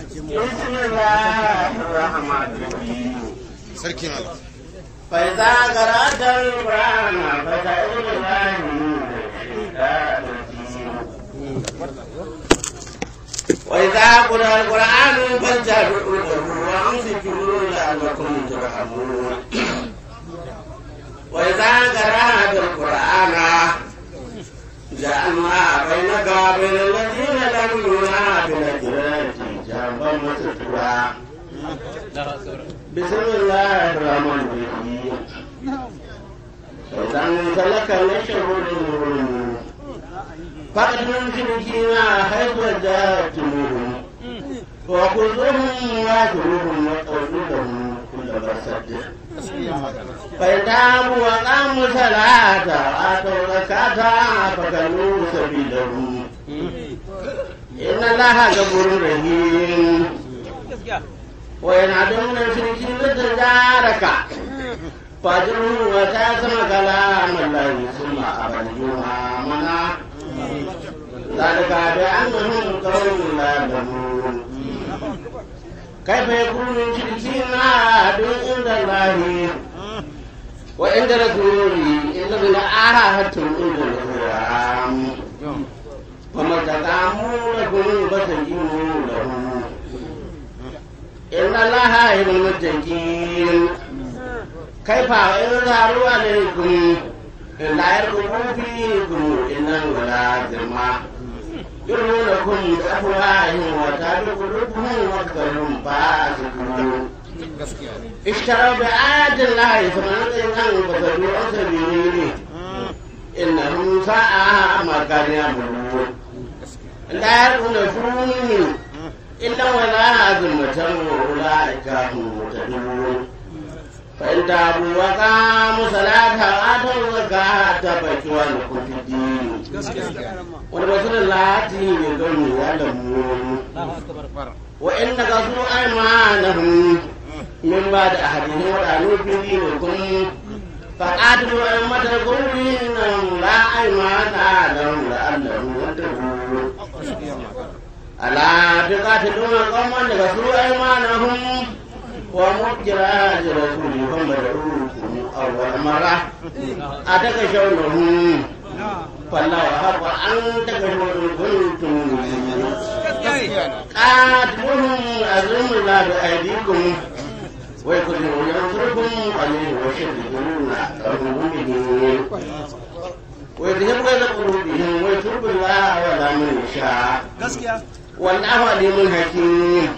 بسم الله الرحمن الرحيم سركي مالك فإذا قرأت القرآن فاستعذ بالله من وإذا قرأ القرآن فاستعذوا له وأنصتوا لعلكم ترحمون وإذا قرأت القرآن جعلنا بينك وبين الذين لم ينادوا بالأجرات tarban masa tura bismillahir rahmanir rahim idan talaka na shahurin fa'adun haifar da tumurin wa kuzuhun wa mu wa tsardukan kula basadda فإذا وقاموا صلاة آتوا زكاة فكلوا سبيلهم inna laha gafurur rahim wa yanadun min shirki bidaraka fajruhu wa tasma kalam allah thumma abadjuha mana zalika bi annahum qawmun la ya'lamun كيف يكون من شركين عاد عند الله وعند رسوله إلا بالآهة عند الإسلام ومتطعمون قلوب تجيبون لهم إن الله يحب المتقين كيف إظهروا عليكم لا يرقبوا فيكم إلا ولا ذمة يرونكم بأفواههم وتابع قلوبهم وأكثرهم فاسقون اشتروا بآيات الله ثمانية أنفسهم عن سبيله إنهم ساء ما كانوا يعملون la yarkuna fihi illa wala zulmatan ulaika hum mutadun fa in tabu wa qamu salata wa atu zakata fa tuwan kutidin wani mutum lati ne don ya lamu wa in daga su min ba da ahadin wadanu fili ne kun فقاتلوا أئمة الكفر إنهم لا أيمان لهم لعلهم يتقون ala tuqatiluna qauman yaghsulu hum wa mujra rasul muhammad rukum awwal mara ataka hum falla haqa an taka shawnuhum kuntum mu'minin qatluhum azumul la bi aydikum ويقدرون ينصركم عليه وشددون أمرهم wai da yabu gaza ko rubi wai turbin ya hawa da mun sha gaskiya wani hawa da mun haƙi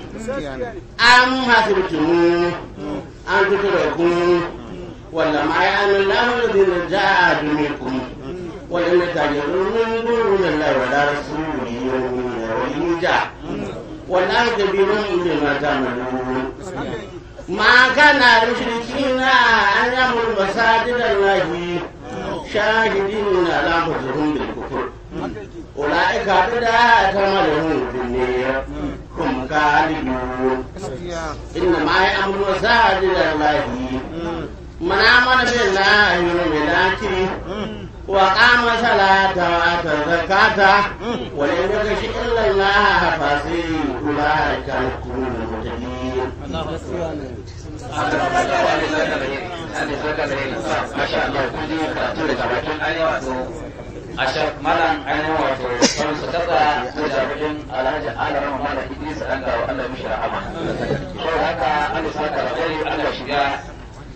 an hasu bitin an kuta da ku wala ma ya an lahu da din da adumi ku wala ne ta yaru mun guru da la wala su ni yo ne wani ja wala da bi mun inda na ta mun ma kana rushin kina an ya mun masajidan lahi شاهدين على حضورهم بالكفر أولئك أعتدى تمرهم في النير هم كاذبون إنما يأمر مساجد الله من آمن بالله يوم الآخر وقام صلاة وآتى الزكاة ولم يخش إلا الله فسيء أولئك يكونون مهتدين da zo da gare ni masha Allah kun ji karatu a ainihin wato su kasa ko alhaji alarama malam idris ga Allah mishi rahama haka an sa ka shiga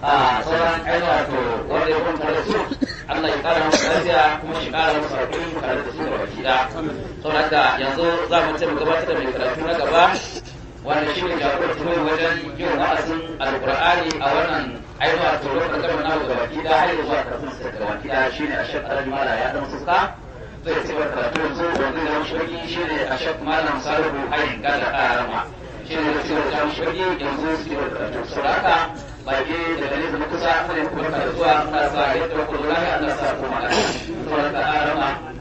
a sauran ainihin wato wanda ya da su Allah ya kara musu lafiya kuma shi kara musu da su da yanzu za mu ce mu gabatar da mai karatu na gaba wanda shi ne jagorar turai wajen yin wa'azin alkur'ani a wannan ainihin a tsoron ƙarƙarar namu ga baki da har zuwa karatun sa ga baki da shi ne a shek alhaji mala ya dan suka zai ci gaba karatu yanzu wanda ya mushi baki shi ne a shek malam salihu ayin gada karama shi ne da cewar ta mushi baki yanzu su ke karatu su haka baki daga nesa na kusa mune kuma karatuwa na sa yadda kuma lafiya na sa kuma lafiya. Tsoron karama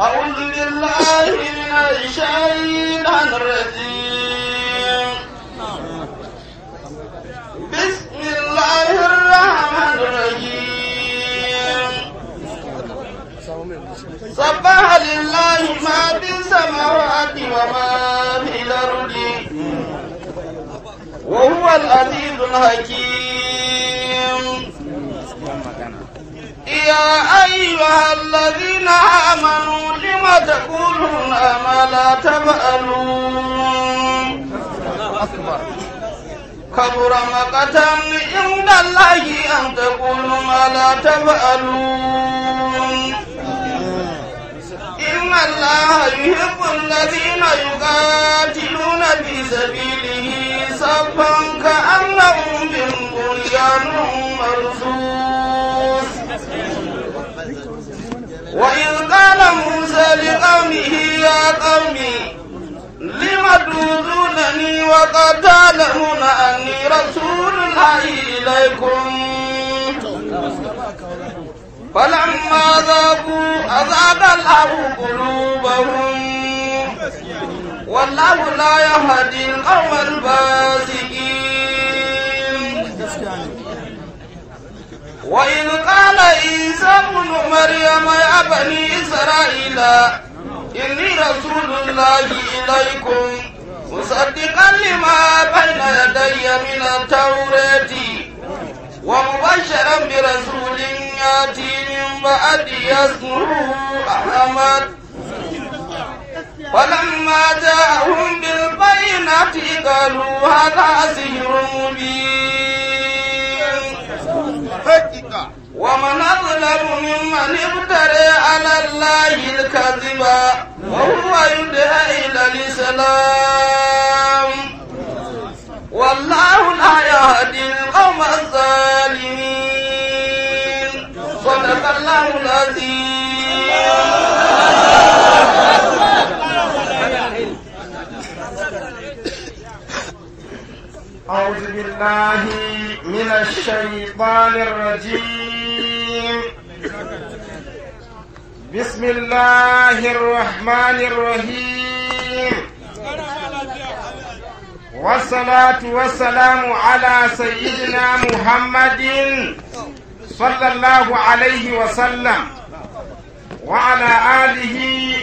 أعوذ بالله من الشيطان الرجيم بسم الله الرحمن الرحيم صبح لله ما في السماوات وما في الأرض وهو العزيز الحكيم يا أيها الذين آمنوا لم تقولون ما لا تفعلون كبر مقتا عند الله أن تقولوا ما لا تفعلون إن الله يحب الذين يقاتلون في سبيله صفا كأنهم بهم بنيان مرصود وإذ قال موسى لقومه يا قومي لم تؤذونني وقد تعلمون أني رسول الله إليكم فلما ذاقوا أذاق الله قلوبهم والله لا يهدي القوم الفاسقين وإذ قال عيسى ابن مريم يا بني إسرائيل إني رسول الله إليكم مصدقا لما بين يدي من التوراة ومبشرا برسول يأتي من بعد اسمه أحمد فلما جاءهم بالبينات قالوا هذا سحر مبين ومن أظلم ممن افترى على الله الكذب وهو يدعى إلى الإسلام والله لا يهدي القوم الظالمين صدق الله العظيم أعوذ بالله من الشيطان الرجيم بسم الله الرحمن الرحيم والصلاة والسلام على سيدنا محمد صلى الله عليه وسلم وعلى آله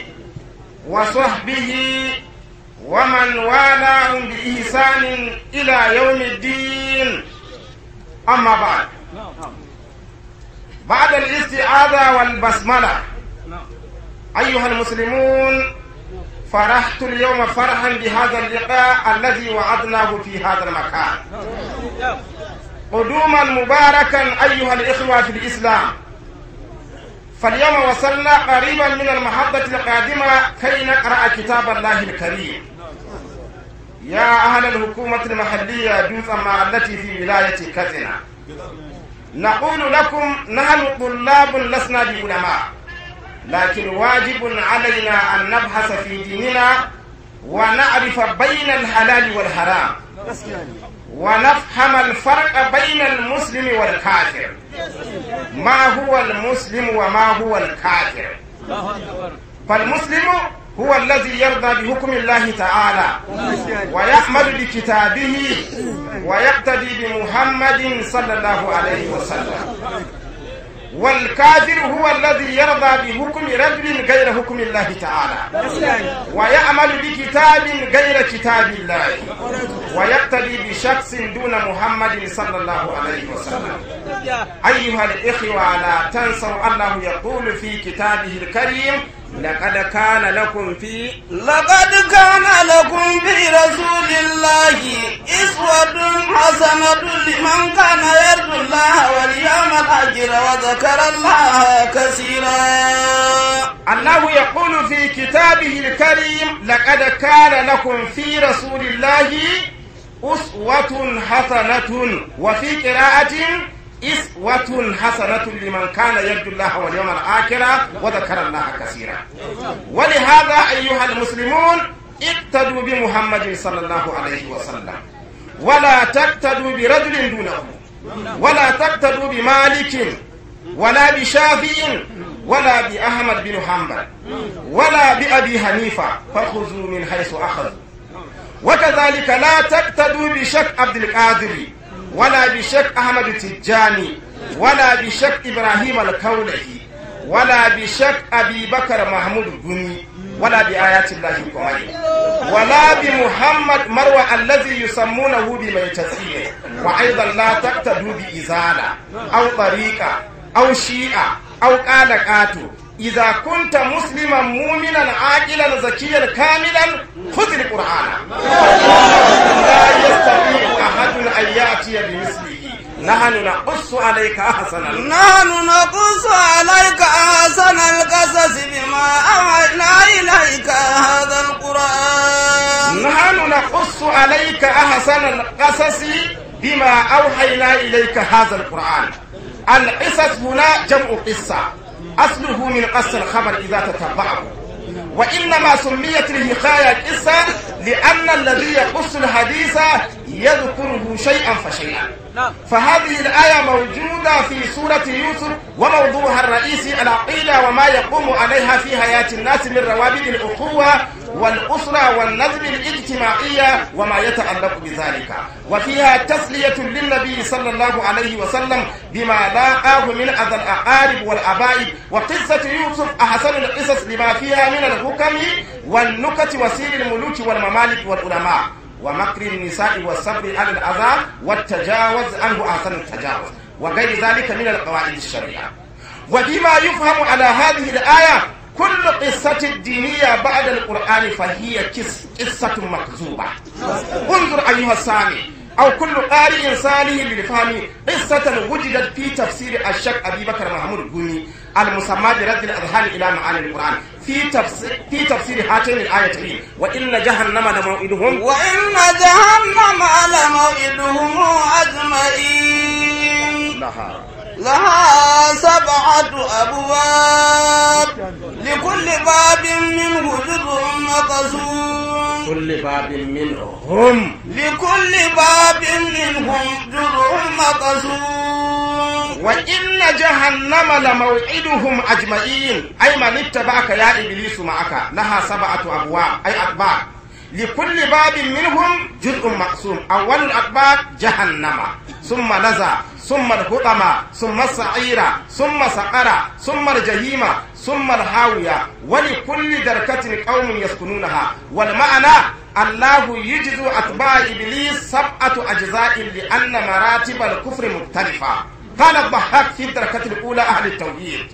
وصحبه ومن والاهم بإحسان إلى يوم الدين أما بعد بعد الاستعاذة والبسملة أيها المسلمون فرحت اليوم فرحا بهذا اللقاء الذي وعدناه في هذا المكان قدوما مباركا أيها الإخوة في الإسلام فاليوم وصلنا قريبا من المحطة القادمة كي نقرأ كتاب الله الكريم يا أهل الحكومة المحلية ما التي في ولاية كتنا نقول لكم نحن طلاب لسنا بعلماء لكن واجب علينا أن نبحث في ديننا ونعرف بين الحلال والحرام ونفهم الفرق بين المسلم والكافر ما هو المسلم وما هو الكافر فالمسلم هو الذي يرضى بحكم الله تعالى ويحمد بكتابه ويقتدي بمحمد صلى الله عليه وسلم والكافر هو الذي يرضى بحكم رجل غير حكم الله تعالى ويعمل بكتاب غير كتاب الله ويقتدي بشخص دون محمد صلى الله عليه وسلم أيها الإخوة لا تنسوا أنه يقول في كتابه الكريم لقد كان لكم في لقد كان لكم في رسول الله إسوة حسنة لمن كان يرجو الله واليوم الآخر وذكر الله كثيرا الله يقول في كتابه الكريم لقد كان لكم في رسول الله أسوة حسنة وفي قراءة إسوة حسنة لمن كان يرجو الله واليوم الآخرة وذكر الله كثيرا ولهذا أيها المسلمون اقتدوا بمحمد صلى الله عليه وسلم ولا تقتدوا برجل دونه ولا تقتدوا بمالك ولا بشافي ولا بأحمد بن حنبل ولا بأبي حنيفة فخذوا من حيث أخذوا وكذلك لا تقتدوا بشك عبد القادر ولا بشك أحمد تجاني ولا بشك إبراهيم الكولهي ولا بشك أبي بكر محمود الجني ولا بآيات الله قائل ولا بمحمد مروى الذي يسمونه بميتسين وأيضا لا تقتدوا بإزالة أو طريقة أو شيئة أو قال قاتل إذا كنت مسلما مؤمنا عاقلا زكيا كاملا خذ القرآن لا يستطيع أحد أن يأتي بمثله نحن نقص عليك أحسن نحن نقص عليك أحسن القصص بما أوحينا إليك هذا القرآن نحن نقص عليك أحسن القصص بما أوحينا إليك هذا القرآن القصص هنا جمع قصة أصله من قص الخبر إذا تتبعه وإنما سميت الحكاية قصة لأن الذي يقص الحديث يذكره شيئا فشيئا نعم فهذه الآية موجودة في سورة يوسف وموضوعها الرئيسي العقيدة وما يقوم عليها في حياة الناس من روابط الأخوة والأسرة والنظم الاجتماعية وما يتعلق بذلك وفيها تسلية للنبي صلى الله عليه وسلم بما لاقاه من أذى الأقارب والأبائب وقصة يوسف أحسن القصص لما فيها من الحكم والنكت وسير الملوك والممالك والعلماء ومكر النساء والصبر على الأذى والتجاوز عنه أحسن التجاوز وغير ذلك من القواعد الشرعية وبما يفهم على هذه الآية كل قصة دينية بعد القرآن فهي قصة مكذوبة انظر أيها السامي أو كل قارئ صالح للفهم قصة وجدت في تفسير الشيخ أبي بكر محمود الجوني المسمى برد الأذهان إلى معاني القرآن في تفسير في تفسير هاتين الايتين وان جهنم لموعدهم وان جهنم لموعدهم اجمعين لها سبعة أبواب لكل باب منه جزء مقسوم كل باب منهم لكل باب منهم جزء مقسوم وإن جهنم لموعدهم أجمعين أي من اتبعك يا إبليس معك لها سبعة أبواب أي أقباب لكل باب منهم جزء مقسوم أول الأقباب جهنم ثم نزل ثم الهطمة ثم السعيرة ثم سقرة ثم الجهيمة ثم الهاوية ولكل دركة قوم يسكنونها والمعنى الله يجزو أتباع إبليس سبعة أجزاء لأن مراتب الكفر مختلفة قال الضحاك في الدركة الأولى أهل التوحيد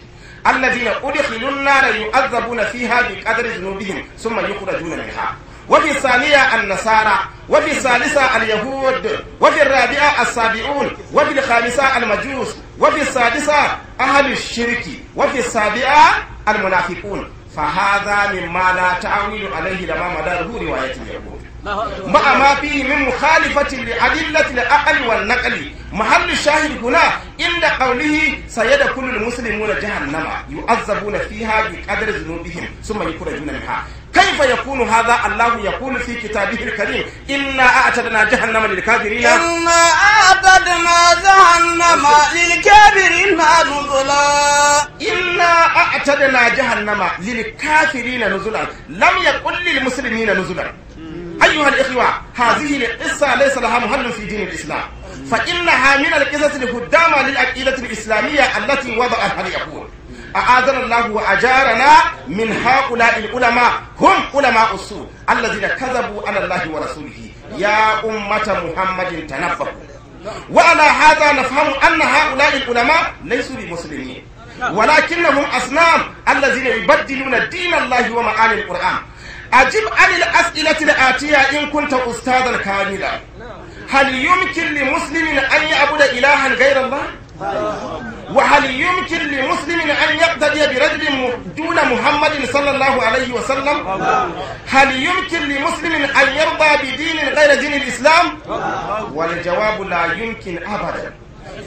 الذين أدخلوا النار يؤذبون فيها بقدر ذنوبهم ثم يخرجون منها وفي الثانية النصارى وفي الثالثة اليهود وفي الرابعة السابعون وفي الخامسة المجوس وفي السادسة أهل الشرك وفي السابعة المنافقون فهذا مما لا تعويل عليه لما مداره رواية اليهود مع ما فيه من مخالفة لأدلة العقل والنقل محل الشاهد هنا عند قوله سيدخل المسلمون جهنم يعذبون فيها بقدر ذنوبهم ثم يخرجون منها kaifa yakunu haza Allahu yakunu fi kitabihi karim inna a'tadna jahannama lil kafirin inna a'tadna jahannama lil kafirin nuzula inna a'tadna jahannama lil kafirin nuzula lam yaqul lil muslimin nuzula أيها الإخوة هذه القصة ليس لها مهل في دين الإسلام فإنها من القصص الهدامة للعقيدة الإسلامية التي وضعها اليهود أعاذنا الله وأجارنا من هؤلاء العلماء هم علماء السوء الذين كذبوا على الله ورسوله يا أمة محمد تنبهوا وعلى هذا نفهم أن هؤلاء العلماء ليسوا بمسلمين ولكنهم أصنام الذين يبدلون دين الله ومعاني القرآن أجب عن الأسئلة الآتية إن كنت أستاذا كاملا هل يمكن لمسلم أن يعبد إلها غير الله؟ وهل يمكن لمسلم أن يقتدي برجل دون محمد صلى الله عليه وسلم هل يمكن لمسلم أن يرضى بدين غير دين الإسلام والجواب لا يمكن أبدا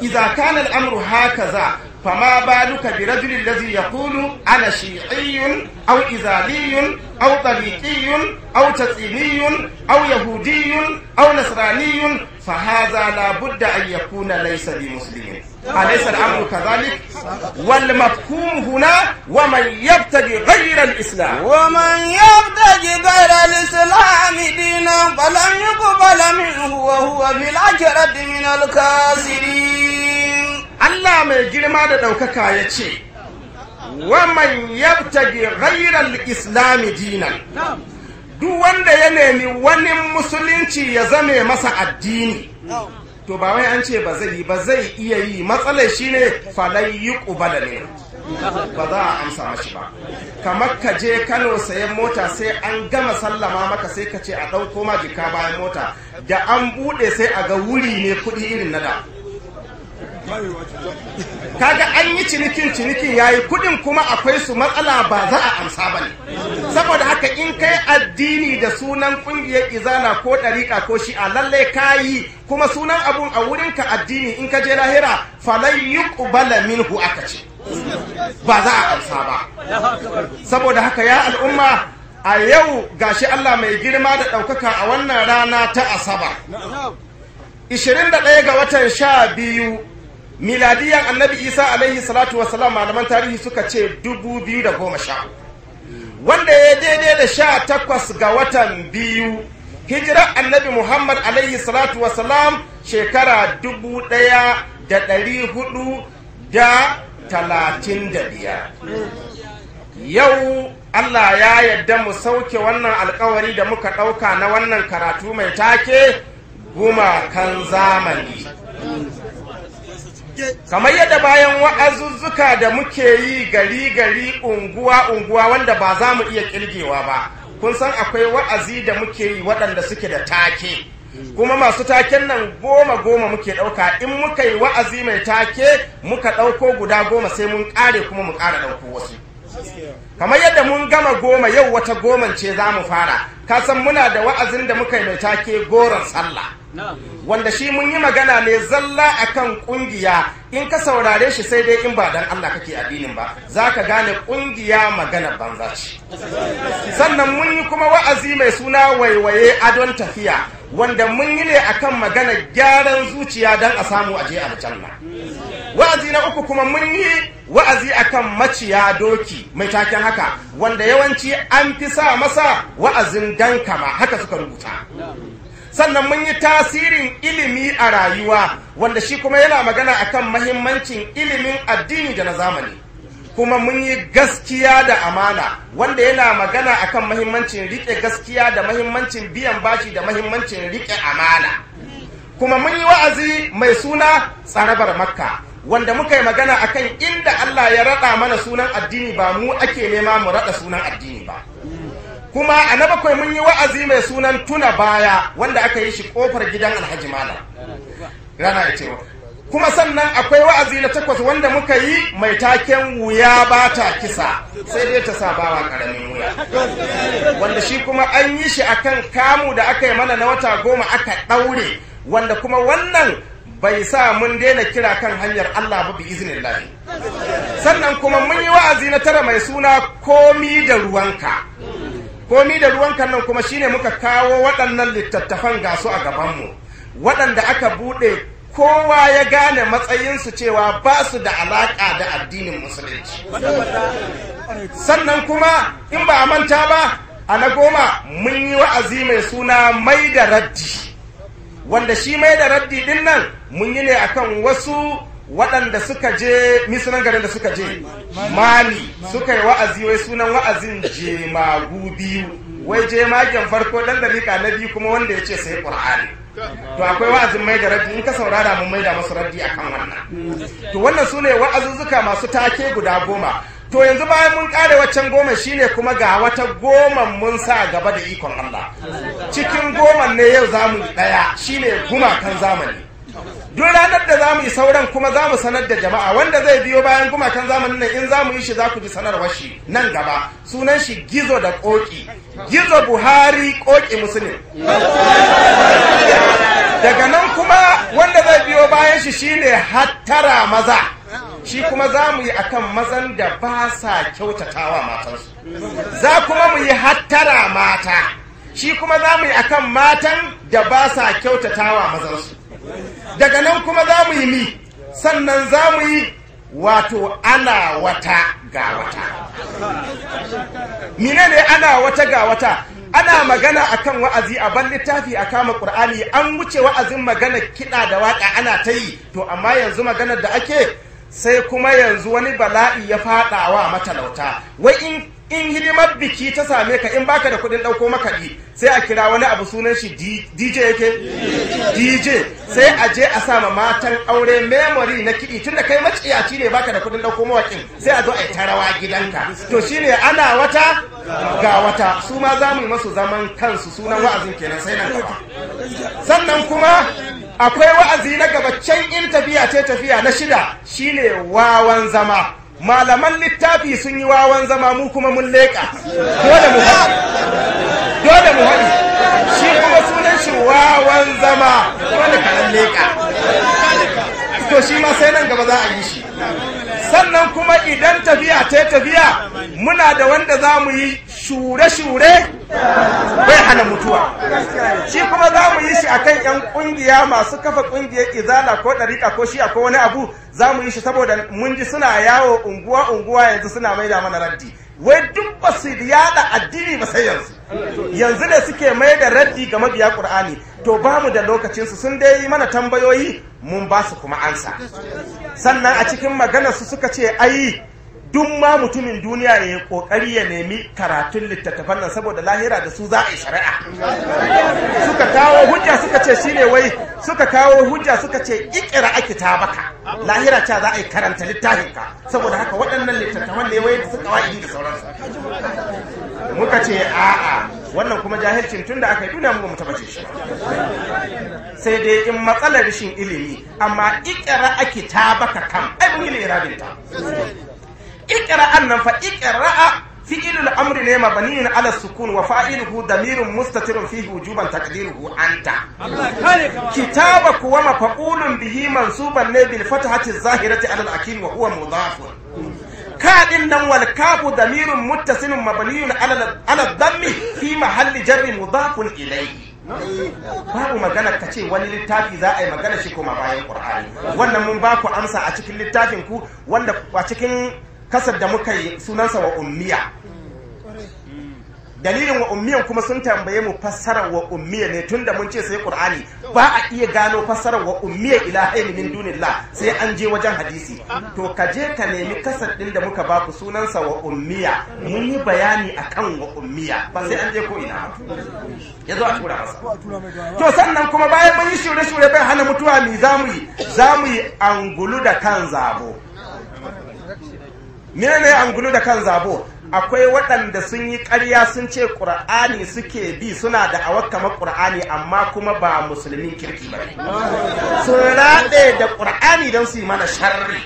إذا كان الأمر هكذا فما بالك برجل الذي يقول أنا شيعي أو إزالي أو طريقي أو تسليمي أو يهودي أو نصراني فهذا لا بد أن يكون ليس بمسلم أليس الأمر كذلك؟ والمفهوم هنا ومن يبتغي غير الإسلام ومن يبتغي غير الإسلام دينا فلن يقبل منه وهو في العجرة من الكاسرين Allah mai girma da ɗaukaka ya ce, Waman yabtagi rairar islami dinan, duk wanda ya nemi wani musulunci ya zame masa addini, to ba wai an ce ba zai iya yi Matsalai shi ne falai yi ƙubala ne, ba za a amsa mashi ba. Kamar ka je Kano sayan mota sai an gama sallama maka sai ka ce a ɗauko ma jika bayan mota, da an buɗe sai a ga wuri ne kuɗi irin na da. kaga an yi cinikin cinikin yayi kudin kuma akwai su matsala ba za a amsa ba ne saboda haka in kai addini da sunan kungiyar izana ko ɗariƙa ko shi a lallai kayi kuma sunan abun a wurin ka addini in ka je lahira falai yuqbala minhu aka ce ba za a amsa ba saboda haka ya al'umma a yau gashi Allah mai girma da ɗaukaka a wannan rana ta asaba 21 ga watan sha biyu miladiyan annabi isa alaihi salatu wasalam malaman tarihi suka ce 2010 wanda ya daidai da sha takwas ga watan biyu hijirar annabi muhammad alaihi salatu wasalam shekara 1435 yau allah ya yadda mu sauke wannan alkawari da muka ɗauka na wannan karatu mai take gumakan zamani kamar yadda bayan wa'azuzzuka da muke yi gari gari unguwa unguwa wanda ba za mu iya kirgewa ba kun san akwai wa'azi da muke yi waɗanda suke da take kuma masu taken nan goma goma muke ɗauka in muka yi wa'azi mai take muka ɗauko guda goma sai mun ƙare kuma mu ƙara ɗauko wasu kamar yadda mun gama goma yau wata goman ce za mu fara kasan muna da wa'azin da muka yi mai take goron sallah wanda shi mun yi magana ne zalla akan ƙungiya in ka saurare shi sai dai in ba dan Allah kake addinin ba za ka gane ƙungiya magana banza sannan mun yi kuma wa'azi mai suna waiwaye adon tafiya wanda mun yi ne akan magana gyaran zuciya don a samu aje aljanna wa'azi na uku kuma mun yi wa'azi akan maciya doki mai taken haka wanda yawanci an fi sa masa wa'azin dankama haka suka rubuta sannan mun yi tasirin ilimi a rayuwa wanda shi kuma yana magana akan mahimmancin ilimin addini da na zamani kuma mun yi gaskiya da amana wanda yana magana akan mahimmancin rike gaskiya da mahimmancin biyan bashi da mahimmancin riƙe amana kuma mun yi wa'azi mai suna tsarabar makka wanda muka yi magana akan inda Allah ya raɗa mana sunan addini ba mu ake nema mu raɗa sunan addini ba kuma a na bakwai mun yi wa'azi mai sunan tuna baya wanda aka yi shi kofar gidan alhaji malam rana ya ce kuma sannan akwai wa'azi na takwas wanda muka yi mai taken wuya ba ta kisa sai dai ta sa bawa karamin wuya wanda shi kuma an yi shi akan kamu da aka yi mana na wata goma aka ɗaure wanda kuma wannan bai sa mun daina kira kan hanyar Allah ba bi izinin lahi sannan kuma mun yi wa'azi na tara mai suna komi da ruwanka komi da ruwanka nan kuma shine muka kawo waɗannan littattafan ga su a gabanmu waɗanda aka buɗe kowa ya gane matsayinsu cewa ba su da alaƙa da addinin musulunci sannan kuma in ba a manta ba a na goma mun yi wa'azi mai suna mai da raddi wanda shi mai da raddi din nan mun yi ne akan wasu waɗanda suka je misunan garin da suka je mali suka yi wa'azi wai sunan wa'azin jemagu biyu wai jemagen farko dan rika na biyu kuma wanda ya ce sai ƙur'ani to akwai wa'azin mai da raddi in ka saurara mun mai da masu raddi akan wannan to wannan su ne wa'azuzzuka masu take guda goma to yanzu bayan mun kare waccan goma shine kuma ga wata goman mun sa gaba da ikon Allah cikin goma ne yau za mu yi ɗaya shine gumakan zamani duk ranar da za mu yi sauran kuma za mu sanar da jama'a wanda zai biyo bayan gumakan zamanin nan in za mu yi shi za ku ji sanarwar shi nan gaba sunan shi gizo da koki gizo buhari koki musulun daga nan kuma wanda zai biyo bayan shi shine hattara maza shi kuma za mu yi a kan mazan da ba sa kyautatawa matansu za kuma mu yi hattara mata shi kuma za mu yi a kan matan da ba sa kyautatawa mazansu daga nan kuma za mu yi mi sannan za mu yi wato ana wata ga wata mine ne ana wata ga wata ana magana a kan wa'azi a ban littafi a kama ƙur'ani an wuce wa'azin magana kiɗa da waƙa ana ta yi to amma yanzu maganar da ake sai kuma yanzu wani bala'i ya fadawa matalauta wai in in hidimar biki ta same ka in baka da kudin dauko makaɗi sai a kira wani abu sunan shi dj yake dj sai a je a sama matan aure memory na kiɗi tunda kai maciyaci ne baka da kudin dauko mawakin sai a zo a yi tarawa gidanka to shine ana wata ga wata su ma za mu yi masu zaman kansu sunan wa'azin kenan sai nan sannan kuma akwai wa'azi na gabacin in tafiya ce tafiya na shida shine wawan zama malaman littafi sun yi wawan zama mu kuma mun leƙa dole mu haɗi dole mu haɗi shi kuma sunan shi wawan zama wanda karan leƙa to shi ma sai nan gaba za a yi shi sannan kuma idan tafiya ta yi tafiya muna da wanda za mu yi shure-shure bai hana mutuwa shi kuma za mu yi shi a kan 'yan ƙungiya masu kafa ƙungiyar izala ko ɗarika ko shiya ko wani abu za mu yi shi saboda mun ji suna yawo unguwa-unguwa yanzu suna maida mana raddi wai duk ba su yada addini ba sai yanzu yanzu ne suke mai da raddi ga mabiya qur'ani to ba mu da lokacinsu sun dai yi mana tambayoyi mun ba su kuma ansa sannan a cikin maganarsu suka ce ai duk ma mutumin duniya ya yi kokari ya nemi karatun littattafan nan saboda lahira da su za a yi shari'a suka kawo hujja suka ce shine wai suka kawo hujja suka ce ikira ake ta baka lahira ce za a yi karanta littafin ka saboda haka waɗannan littattafan ne wai suka wa da sauransu muka ce a'a wannan kuma jahilcin tun da aka yi duniya muka mu tabbace shi sai dai in matsalar rashin ilimi amma ikira ake ta baka kam ai mun yi ta iqra'an nan fa iqra'a fi'il al-amri ne ma mabniun ala sukun wa fa'iluhu damirun mustatirun fihi wujuban taqdiruhu anta kitaba kuwa mafa'ulun bihi mansuban ne bil fathati zahirati ala al-akim wa huwa mudafun كادن دم والكاف ضمير متصل مبني على ala الضم fi محل جر مضاف اليه babu magana ka ce wani littafi za a yi magana shi kuma bayan ƙur'ani wannan mun ba ku amsa a cikin littafin ku wanda a cikin kasar da muka yi sunansa wa ummiya dalilin wa ummiyan kuma sun tambaye mu fassarar wa ummiya ne tunda mun ce sai qur'ani ba a iya gano fassarar wa ummiya haini min dunilla sai an je wajen hadisi to ka je ka nemi kasar din da muka baku sunansa wa ummiya mun yi bayani akan wa ummiya ba sai an je ko ina ya zo a tura masa to sannan kuma bayan mun yi shure shure bai hana mutuwa mi zamu yi zamu yi angulu da kan zabo an angulu da kan zabo akwai waɗanda sun yi ƙarya sun ce ƙura'ani suke bi suna da awakama ƙura'ani amma kuma ba musulmin kirki ba sun raɗe da ƙura'ani don su yi mana sharri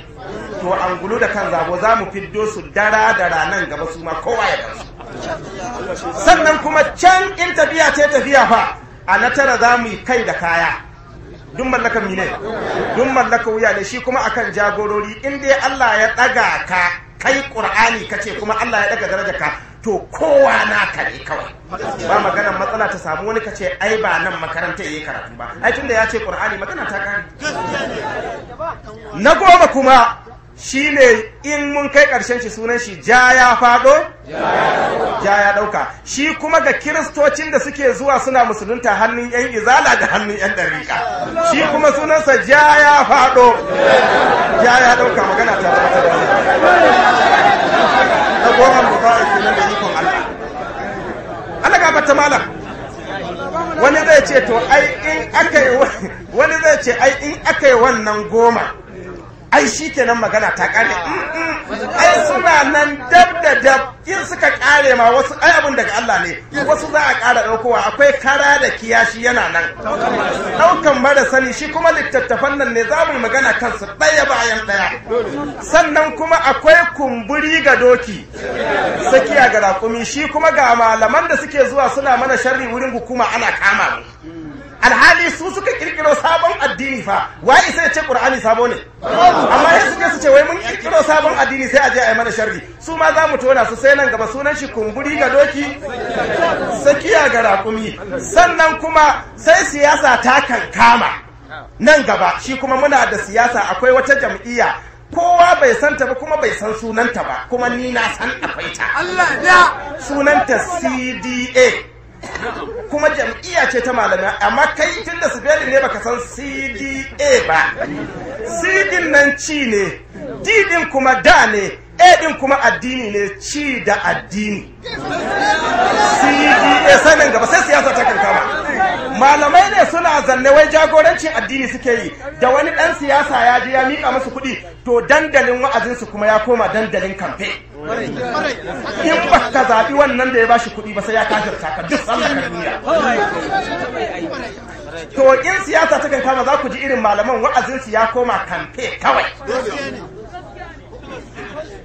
to gudu da kan zabo za mu fiddo su dara da ranar gaba su ma kowa ya gasu sannan kuma can in tafiya ce tafiya fa a na tara za mu yi kai da kaya dun mallakan mine dun mallaka wuya ne shi kuma akan jagorori in dai Allah ya ɗaga ka kai qur'ani kace kuma Allah ya daga daraja ka to kowa na ne kawai ba maganar matsala ta samu wani kace ai ba nan makaranta yayi karatu ba ai tunda ya ce qur'ani magana ta kare na goma kuma shi ne in mun kai ƙarshen shi sunan shi ja ya faɗo ja ya ɗauka shi kuma ga kiristocin da suke zuwa suna musulunta hannun yan izala da hannun yan ɗariƙa shi kuma sunansa ja ya faɗo ja ya ɗauka magana ta tabbatar ta na goron bukawa kenan da ikon Allah Allah ga bata malam wani zai ce to wani zai ce ai in aka yi wannan goma ai shi kenan magana ta kare ai suna nan dab da dab in suka kare ma wasu ai abin daga Allah ne wasu za a kara daukowa akwai kara da kiyashi yana nan daukan mara sani shi kuma littattafan nan ne za mu magana kansu ɗaya bayan ɗaya. sannan kuma akwai kumburi ga doki sakiya ga rakumi shi kuma ga malaman da suke zuwa suna mana sharri wurin hukuma ana kama alhali su suka kirkiro sabon addini fa waye sai ce qur'ani sabo ne amma sai suke su ce wai mun kirkiro sabon addini sai a je a yi mana sharri su ma za mu tona su sai nan gaba sunan shi kumburi ga doki sakiya ga rakumi sannan kuma sai siyasa ta kankama nan gaba shi kuma muna da siyasa akwai wata jam'iyya kowa bai san ta ba kuma bai san sunanta ba kuma ni na san akwai ta sunanta cda kuma jam'iyya ce ta malamai amma kai tun da sibeli ne baka san cda ba cdin nan ci ne didin kuma da ne a din kuma addini ne ci da addini cda sanin gaba sai siyasa ta kankama malamai ne suna zanne wai jagorancin addini suke yi da wani ɗan siyasa ya je ya miƙa musu kuɗi to dandalin wa'azinsu kuma ya koma dandalin kamfe in ba ka zaɓi wannan da ya bashi kuɗi ba sai ya kafirta ka duk duniya to in siyasa ta kankama za ku ji irin malaman wa'azinsu ya koma kamfe kawai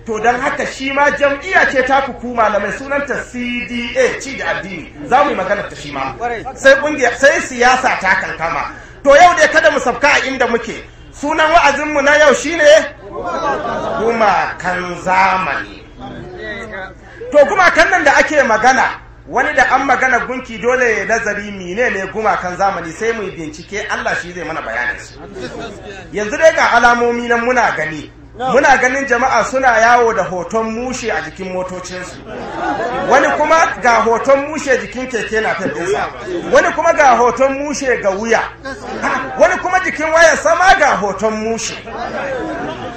to don haka shi ma jam'iyya ce ta hukuma da mai sunanta cda ci da addini za mu yi magana ta shi ma sai siyasa ta kankama to yau dai kada mu sabka a inda muke sunan wa'azinmu na yau shine gumakan zamani to gumakan nan da ake magana wani da an magana gunki dole ya nazari mine ne gumakan zamani sai mu bincike Allah shi zai mana bayanin su yanzu dai ga alamomi nan muna gani muna ganin jama'a suna yawo da hoton mushe a jikin motocinsu wani kuma ga hoton mushe jikin keke na fesa wani kuma ga hoton mushe ga wuya wani kuma jikin waya sama ga hoton mushe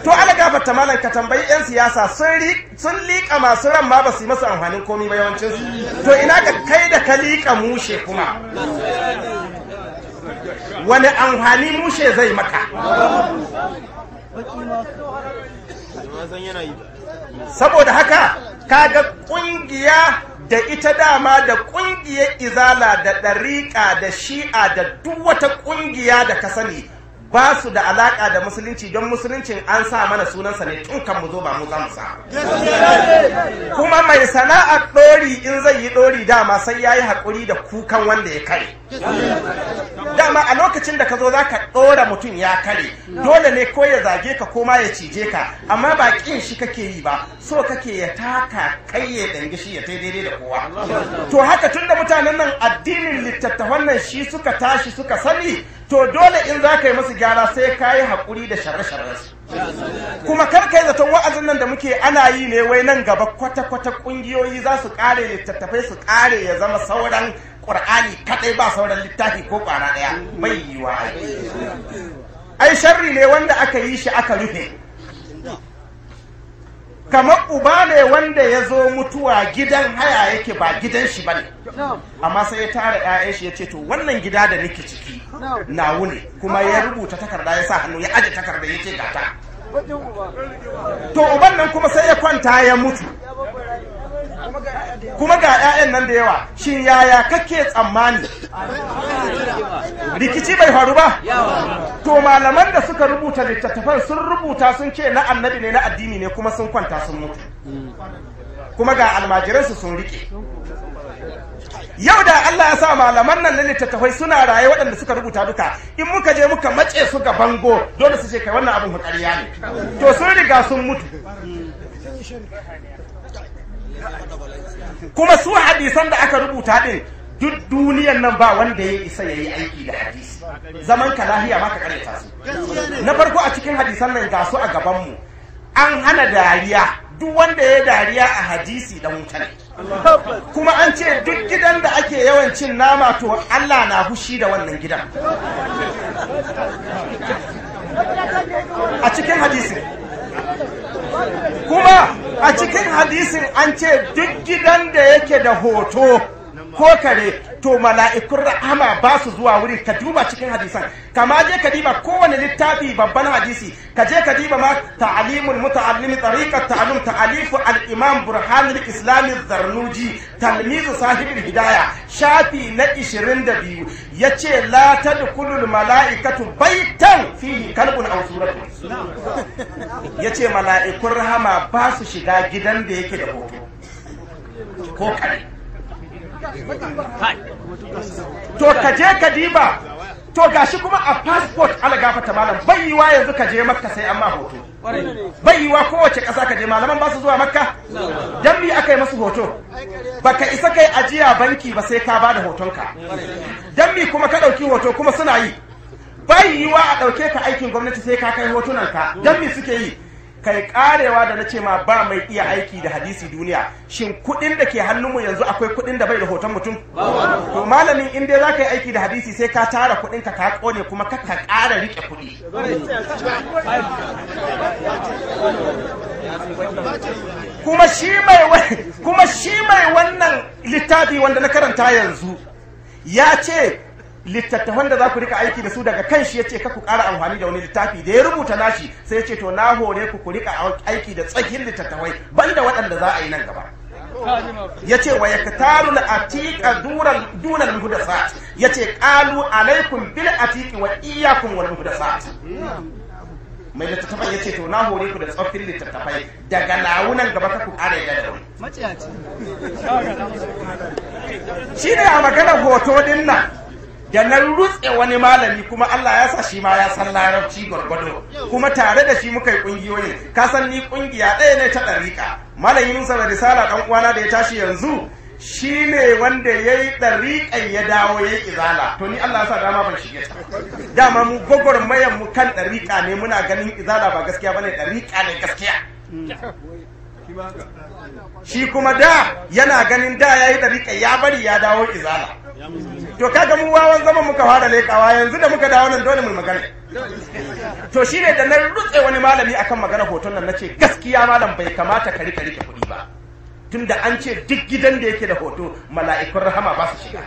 to ala ta malam ka tambayi 'yan siyasa sun liƙa masu ran ma ba su yi masa amfanin komi ba yawancinsu to ina ga kai da ka liƙa mushe kuma wani amfani mushe zai maka saboda haka kaga kungiya da ita dama da kungiyar izala da ɗariƙa da shi'a da duk wata kungiya da ka sani ba su da alaƙa da musulunci don musuluncin an sa mana sunansa ne tun kan mu zo ba mu za mu sa kuma mai sana'ar ɗori in zai yi ɗori dama sai yayi yi haƙuri da kukan wanda ya kare dama a lokacin da ka zo za ka ɗora mutum ya kare dole ne ko ya zage ka ko ma ya cije ka amma ba kin shi kake yi ba so kake ya taka kai ya dangi shi ya tai daidai da kowa to haka tunda mutanen nan addinin littattafan nan shi suka tashi suka sani to dole in za ka yi masu gyara sai ka yi haƙuri da share-sharensu kuma karka ka yi zaton wa'azin nan da muke ana yi ne wai nan gaba kwata-kwata ƙungiyoyi za su ƙare littattafai su ƙare ya zama sauran ƙur'ani kaɗai ba sauran littafi ko ƙwara ɗaya bai yiwuwa ai sharri ne wanda aka yi shi aka rufe kamar uba ne wanda ya zo mutuwa gidan haya yake ba gidan shi ba ne amma sai ya tara 'ya'yan shi ya ce to wannan gida da nake ciki na wuni kuma ya rubuta takarda ya sa hannu ya aje takarda ya ce gata to uban nan kuma sai ya kwanta ya mutu kuma ga 'ya'yan nan da yawa shin yaya kake tsammani rikici bai faru ba to malaman da suka rubuta littattafan sun rubuta sun ce na annabi ne na addini ne kuma sun kwanta sun mutu kuma ga almajiransu sun rike yau da Allah ya sa malaman nan na littattafai suna raye waɗanda suka rubuta duka in muka je muka mace su ga bango dole su ce kai wannan abin hukariya ne to sun riga sun mutu kuma su hadisan da aka rubuta din duk duniyan nan ba wanda ya isa ya yi aiki da hadisi zaman ka lahiya ma ka karyata su na farko a cikin hadisan nan ga su a gabanmu an hana dariya duk wanda ya dariya a hadisi da wuta ne kuma an ce duk gidan da ake yawan cin nama to Allah na hushi da wannan gidan a cikin hadisi kuma a cikin hadisin an ce duk gidan da yake da hoto ko kare to mala'ikun rahama ba su zuwa wurin ka duba cikin hadisan kama je ka diba kowane littafi babban hadisi ka je ka diba ma ta'alimul muta'allim tariqat ta'allum ta'alifu al-imam burhan al islami zarnuji talmizu sahibul hidaya shafi na 22 yace la tadkhulul mala'ikatu baitan fihi kalbun aw suratun yace mala'ikun rahama ba su shiga gidan da yake da hoto ko kare to ka je ka diba to gashi kuma a passport ala gafata malam bai wa yanzu ka je makka sai an hoto bai wa kowace ƙasa ka je malaman ba su zuwa makka dan mi aka yi masu hoto baka isa kai ajiya banki ba sai ka ba da hotonka dan mi kuma ka ɗauki hoto kuma suna yi bai wa a ɗauke ka aikin gwamnati sai ka kai hotunanka dan mi suke yi kai karewa da na ce ma ba mai iya aiki da hadisi duniya shin kuɗin da ke hannunmu yanzu akwai kuɗin da bai da hoton mutum to malamin in dai za ka yi aiki da hadisi sai ka tara kuɗin ka kone kuma ka ka ƙara riƙe kuɗi kuma shi mai wannan littafi wanda na karanta yanzu ya ce littattafan da za ku rika aiki da su daga kan shi ya ce ku ƙara amfani da wani littafi da ya rubuta nashi sai ya ce to na hore ku ku rika aiki da tsakin littattafai da waɗanda za a yi nan gaba ya ce wa ya taru na atika dunan hudasa ya ce ƙalu alaikun bil atiki wa iyakun da hudasa mai littattafai ya ce to na hore ku da tsoffin littattafai daga nan gaba ka ku ƙara yadda da wani shi ne a magana hoto din da na rutse wani malami kuma Allah ya sa shi ma ya san larabci gwargwado kuma tare da shi muka yi kungiyoyin ka san ni kungiya ɗaya ne ta ɗarika malami Musa da Risala ɗan uwana da ya tashi yanzu shi ne wanda ya yi ɗariƙan ya dawo ya yi izala to ni Allah ya sa dama ban shige ta dama mu mayan mu kan ɗarika ne muna ganin izala ba gaskiya bane ɗariƙa ne gaskiya shi kuma da yana ganin da ya yi ɗariƙa ya bari ya dawo izala to kaga mu wawan zaman muka fara lekawa yanzu da muka dawo nan dole mu magana to shine da na rutse wani malami akan magana hoton nan nace gaskiya malam bai kamata ka rika rike kuɗi ba tunda an ce duk gidan da yake da hoto mala'ikun rahama ba su shiga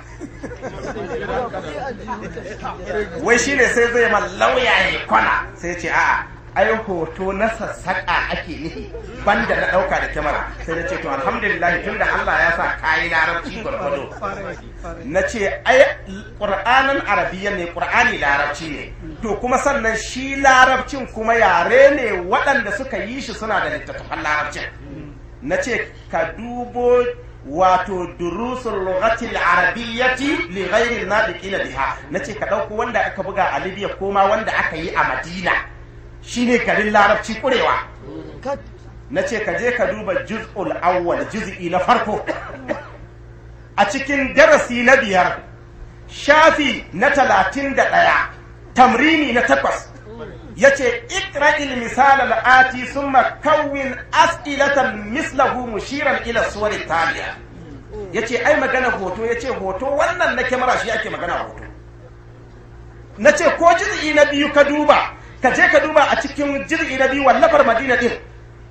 wai shine sai zai ma lauya ya kwana sai ce a'a ai hoto na sassaƙa ake nufi banda na ɗauka da kyamara sai na ce to alhamdulillah tun da Allah ya sa kayi larabci gwargwado na ce ai ƙur'anin arabiyan ne ƙur'ani larabci ne to kuma sannan shi larabcin kuma yare ne waɗanda suka yi shi suna da littattafan larabcin na ce ka dubo wato durusun lugatil arabiyyati li ghairi nadiqina biha nace ka dauko wanda aka buga a Libya ko ma wanda aka yi a Madina shine karin larabci kurewa na ce ka je ka duba juz'ul awwal juz'i na farko a cikin darasi na biyar shafi na talatin da ɗaya tamrini na takwas ya ce ikra'il misal al'ati sun makawin as'ilatan mislahu mushiran ila suwar italiya ya ce ai magana hoto ya ce hoto wannan na kyamara shi ake magana hoto na ce ko juz'i na biyu ka duba ka je ka duba a cikin jirgi na biyu wallafar madina ɗin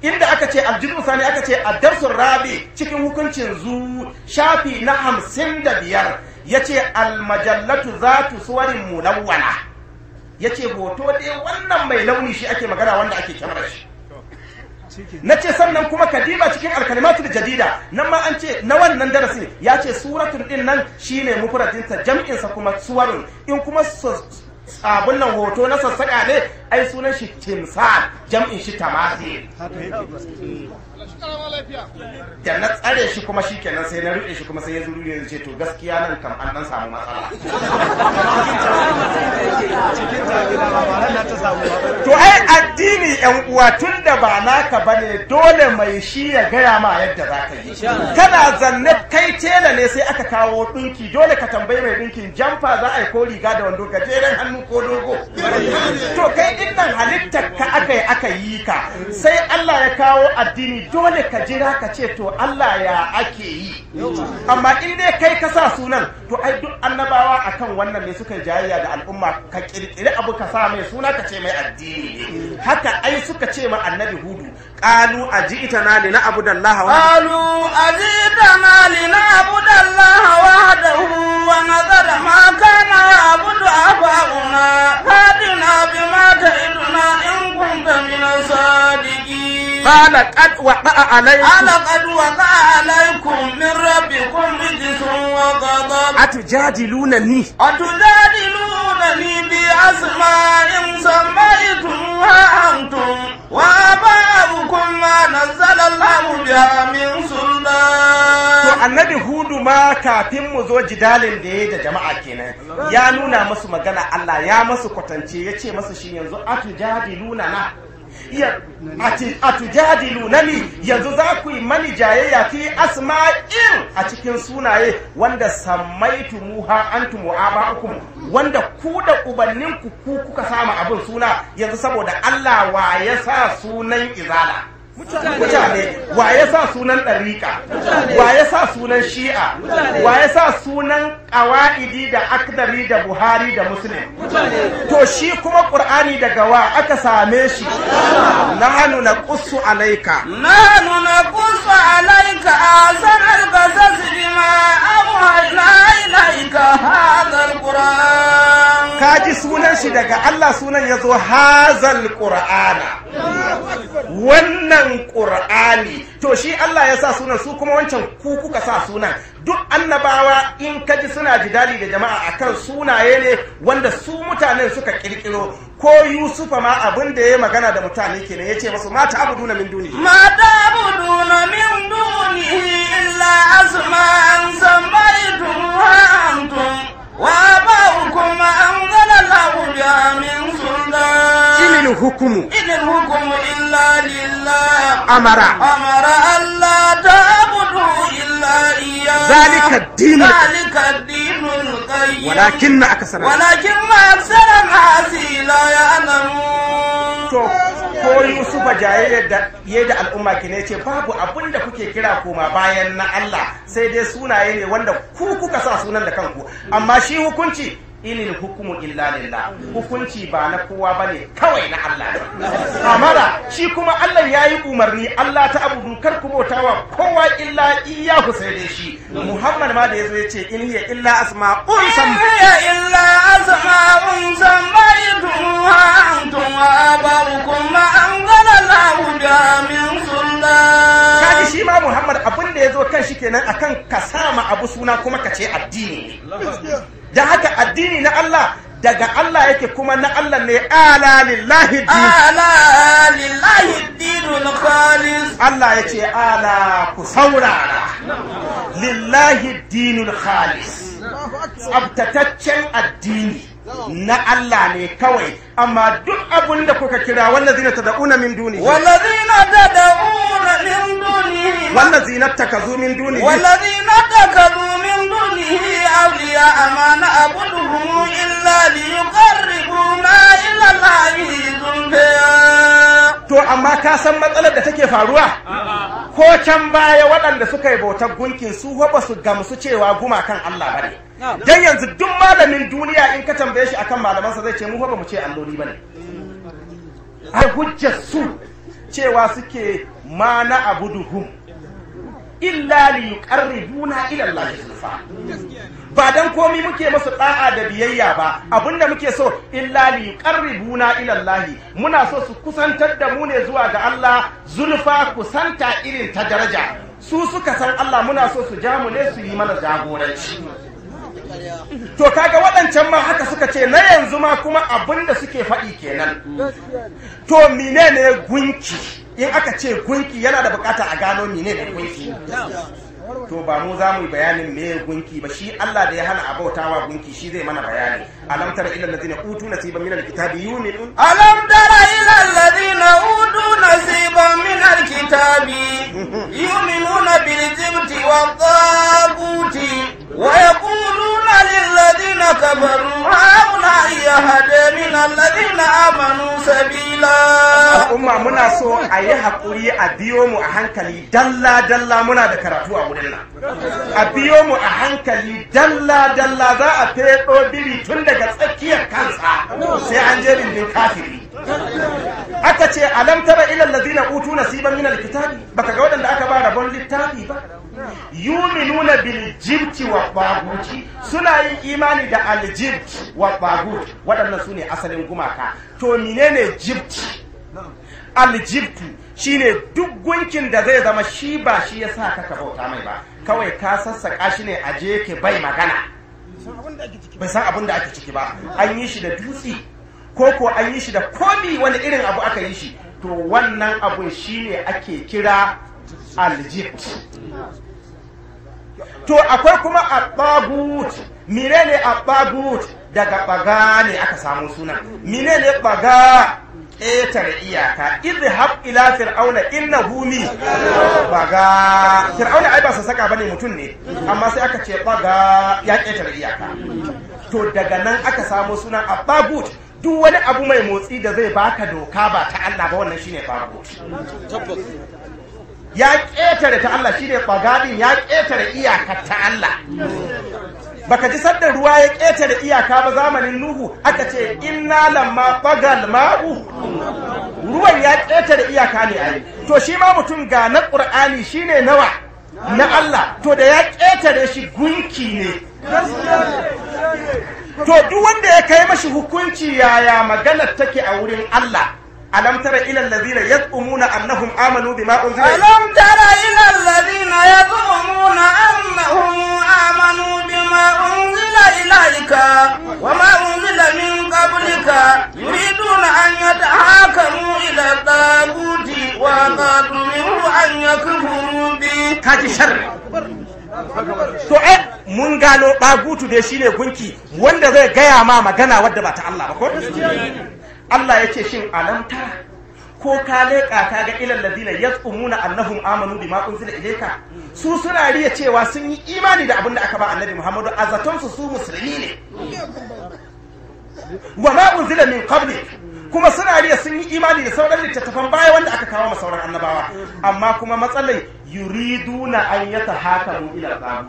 inda aka ce aljinu sani aka ce addarsun rabi cikin hukuncin zu shafi na hamsin da biyar ya ce almajallatu za tu suwarin mulawwana ya ce hoto dai wannan mai launi shi ake magana wanda ake kyamar shi na ce sannan kuma kadima cikin da jadida nan ma an ce na wannan darasin ya ce suratun din nan shine mufuratinsa jam'insa kuma suwarin in kuma abun nan hoto na sassaƙa ne ai sunan shi timsal jam'in shi tamasi da na tsare shi kuma shi kenan sai na rufe shi kuma sai ya zuru ya ce to gaskiya nan kam an dan samu matsala to ai addini yan uwa tun da ba naka bane dole mai shi ya gaya ma yadda za ka yi kana zanne kai tela ne sai aka kawo dinki dole ka tambayi mai dinkin jamfa za a yi ko riga da wando gajeren hannu ko dogo to kai din nan halittar ka aka yi aka yi ka sai Allah ya kawo addini dole ka jira ka ce to Allah ya ake yi amma in dai kai ka sa sunan to ai duk annabawa akan wannan ne suka jayayya da al'umma ka kirkiri abu ka sa mai suna ka ce mai addini haka ai suka ce ma annabi hudu qalu aji'tana li na'budallaha wa qalu aji'tana li na'budallaha wahdahu wa nadara ma kana ya'budu aba'una fadina bima ta'iduna in kunta min sadiqin قال قد وقع عليكم قال قد وقع عليكم من ربكم رجس وغضب أتجادلونني أتجادلونني بأسماء سميتموها أنتم وآباؤكم ما نزل الله بها من سلطان to annabi hudu ma kafin mu zo jidalin da ya da jama'a kenan ya nuna masu magana Allah ya masu kwatance ya ce masu shi yanzu atujadiluna na iya lunani, yanzu za ku yi mani jayayya fi asma'in a cikin sunaye wanda an muha antum wa aba'ukum wanda ku da ubanninku ku kuka sama abin suna yanzu saboda Allah wa ya sa sunan izala mutane wa ya sa sunan ɗariƙa wa ya sa sunan shi'a wa ya sa sunan ƙawa'idi da akdari da buhari da muslim to shi kuma ƙur'ani daga wa aka same shi nahanu na ƙusu alaika nahanu na ƙusu alaika a sanar su bi ma abuwa ilaika hazar ka ji sunan shi daga allah sunan ya zo hazal ƙur'ana wannan ƙur'ani to shi Allah ya sa sunan su kuma wancan ku kuka sa sunan duk annabawa in ka ji suna jidali da jama'a akan sunaye ne wanda su mutanen suka kirkiro ko Yusufa ma abin da ya magana da mutane kenan ya ce masu mata abuduna min duni mata abuduna min duni illa asma an antum an الله hukumu. من سلطان إن Amara. إن الحكم إلا لله أمر أمر ألا تعبدوا al-qayyim. la ya'lamu. To ko Yusufa jayayyar da yadda al'umma ki ne ce babu abin da kuke kira koma bayan na Allah sai dai sunaye ne wanda ku kuka sa sunan da kanku amma shi hukunci ilil hukumu illa lillah hukunci ba na kowa bane kawai na Allah ne amara shi kuma Allah ya yi umarni Allah ta abudu kar ku motawa kowa illa ku sai dai shi Muhammad ma da yazo ya ce in hiya illa asma'un sam ya illa asma'un sammaytuha antum abakum ma anzala Allahu min sultan kaji shi ma Muhammad abin da yazo kan shi kenan akan ka sama abu suna kuma ka ce addini da haka addini na Allah daga Allah yake kuma na Allah ne ala lillahi ala lillahi khalis Allah yace ala ku saurara lillahi dinul khalis tsabtataccen addini na Allah ne kawai amma duk abin da kuka kira wannan zina ta da'una min duni wallazina tad'una min duni ka zo min duni wallazina zo min duni awliya amana abuduhum illa liyuqarribuna ila allahi zulfa to amma ka san matsalar da take faruwa ko can baya waɗanda suka yi bautar gunkin su ba su gamsu cewa gumakan Allah bane dan yanzu duk malamin duniya in ka tambaye shi akan malamansa zai ce mu fa mu ce alloli bane a hujja su cewa suke mana abuduhum illa li yuqarribuna ila allahi zulfa ba dan komi muke musu da'a da biyayya ba abinda muke so illa li yuqarribuna ila allahi muna so su kusantar da mu ne zuwa ga Allah zulfa kusanta irin ta daraja su suka san Allah muna so su ja mu ne su yi mana jagoranci to kaga waɗancan ma haka suka ce na yanzu ma kuma abin da suke faɗi kenan to mine ne gunki in aka ce gunki yana da bukata a gano mine ne gunki to ba mu za mu yi bayanin me gunki ba shi Allah da ya hana abautawa gunki shi zai mana bayani alam tara ila allazina utu nasiban min alkitabi yu'minun alam tara ila allazina utu nasiban min alkitabi yu'minuna bil jibti wa tabuti wa yaqulu للذين الذين كفروا هؤلاء يهدى من الذين آمنوا سبيلا أما منا سو أي حقوري أبيوم أهنكلي دلا دلا منا دكراتوا أولنا أبيوم أهنكلي دلا دلا ذا أتيتو بيبي تندك سكيا كانسا سيعنجل من كافري aka ألم ترى إلى الذين أوتوا نصيبا من الكتاب بكا baka ga wadanda بون ba يؤمنون بالجبت ba yuminuna إيمان da aljibt wa bagut waɗannan su ne asalin gumaka to menene jibt shi ne duk gunkin da zai zama shi ba shi ya sa ka bauta mai ba kawai ka sassaƙa shi ne a je ke bai magana bai san abin da ake ciki ba an yi shi da dutse ko ko an yi shi da komi wani irin abu aka yi shi to wannan abun shi ne ake kira aljibt to akwai kuma abbagut menene abbagut daga baga ne aka samu sunan menene baga ƙetare iyaka izhab ila fir'auna innahu li baga fir'auna ai ba sa saka bane mutum ne amma sai aka ce baga ya ƙetare iyaka to daga nan aka samu sunan abbagut duk wani abu mai motsi da zai baka doka ba ta Allah ba wannan shine bagut ya ƙetare ta Allah shine bagadin ya ƙetare iyaka ta Allah baka ji sadda ruwa ya ƙetare iyaka ba zamanin Nuhu aka ce inna lamma bagal ma'u ruwan ya ƙetare iyaka ne ai to shi ma mutum ga na Qur'ani shine nawa na Allah to da ya ƙetare shi gunki ne to duk wanda ya kai mashi hukunci yaya maganar take a wurin Allah ألم تر إلى الذين يزعمون أنهم آمنوا بما أنزل ألم تر إلى الذين يزعمون أنهم آمنوا بما أنزل إليك وما أنزل من قبلك يريدون أن يتحاكموا إلى الطاغوت وقد منه أن يكفروا به كاتي شر to ai mun gano da shi shine gunki wanda zai gaya ma magana wadda ba ta Allah ba ko Allah ya ce shin alamta ko ka leƙa ta ga ilal ladina yaz'umuna annahun amanu bima unzila ilayka su suna riya cewa sun yi imani da abin da aka ba annabi Muhammadu zaton su su musulmi ne wa ma unzila min qabli kuma suna riya sun yi imani da sauran littattafan baya wanda aka kawo sauran annabawa amma kuma matsalar yuriduna an yata hakamu ila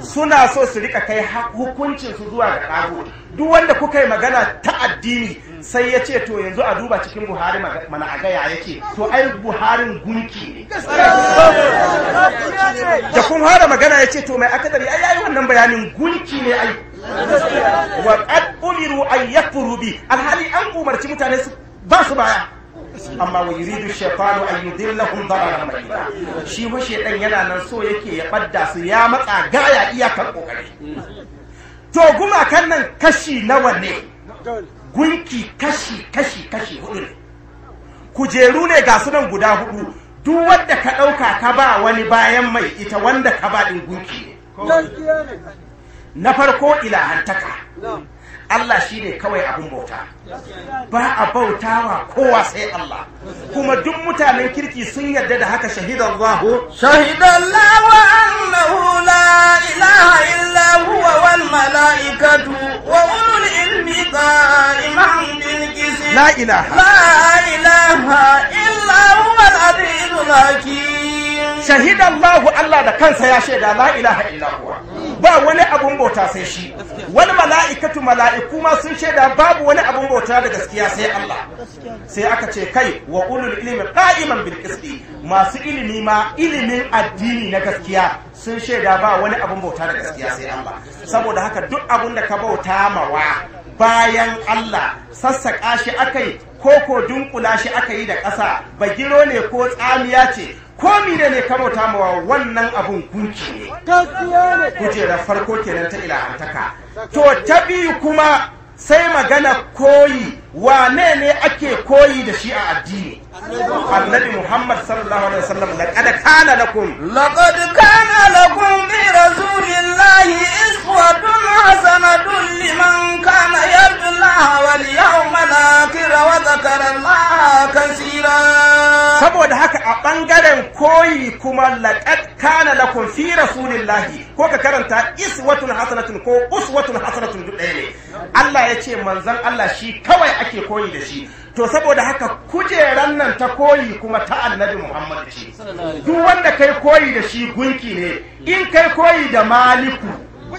suna so su rika kai hukuncin su zuwa ga tagut duk wanda kuka yi magana ta addini sai ya ce to yanzu a duba cikin buhari mana a gaya yake to ai buharin gunki ne da kun fara magana ya ce to mai akadari ai yayi wannan bayanin gunki ne ai wa qad umiru an yakfuru bi alhali an umarci mutane su ba su baya amma wa yuridu shaytanu an yudillahum dalalan mabida shi wa shaytan yana nan so yake ya badda su ya matsa gaya iyakar kokari to gumakan nan kashi nawa ne gunki kashi kashi kashi hudu ne kujeru ne ga sunan guda hudu duk wadda ka ɗauka ka ba wani bayan mai ita wanda ka ba ɗin gunki ne na farko ilahantaka Allah shi ne kawai abin bauta ba a bautawa kowa sai Allah kuma duk mutanen kirki sun yarda da haka shahidan zahu shahidan Allahu annahu la ilaha illa huwa wal malaikatu wa ulul ilmi qa'iman bil qist la ilaha la ilaha illa huwa al azizul hakim shahidan lahu Allah da kansa ya shaida la ilaha illa huwa ba wani abun bauta sai shi wani mala'ikatu mala'iku ma sun shaida babu wani abun bauta da gaskiya sai Allah sai aka ce kai wa ulul ilmi qa'iman bil qisti masu ilimi ma ilimin addini na gaskiya sun shaida ba wani abun bauta da gaskiya sai Allah saboda haka duk abun da ka bauta mawa bayan Allah sassaƙa shi aka ko ko dunkula shi aka yi da ƙasa bagiro ne ko tsamiya ce ko mine ne ka bauta mawa wannan abun gunki ne kujerar farko kenan ta ilahantaka to ta biyu kuma sai magana koyi wane ne ake koyi da shi a addini annabi muhammad sallallahu alaihi wasallam laqad kana lakum laqad kana lakum bi rasulillahi iswatun hasanatun liman kana yarju wal yawmal akhir wa dhakara allah kaseera saboda haka a bangaren koyi kuma laqad kana lakum fi rasulillahi ko ka karanta iswatun hasanatun ko uswatun hasanatun duk ɗaya ne Allah ya ce manzon Allah shi kawai ake koyi da shi to saboda haka kujeran nan ta koyi kuma ta annabi muhammad ce duk wanda kai koyi da shi gunki ne in kai koyi da maliku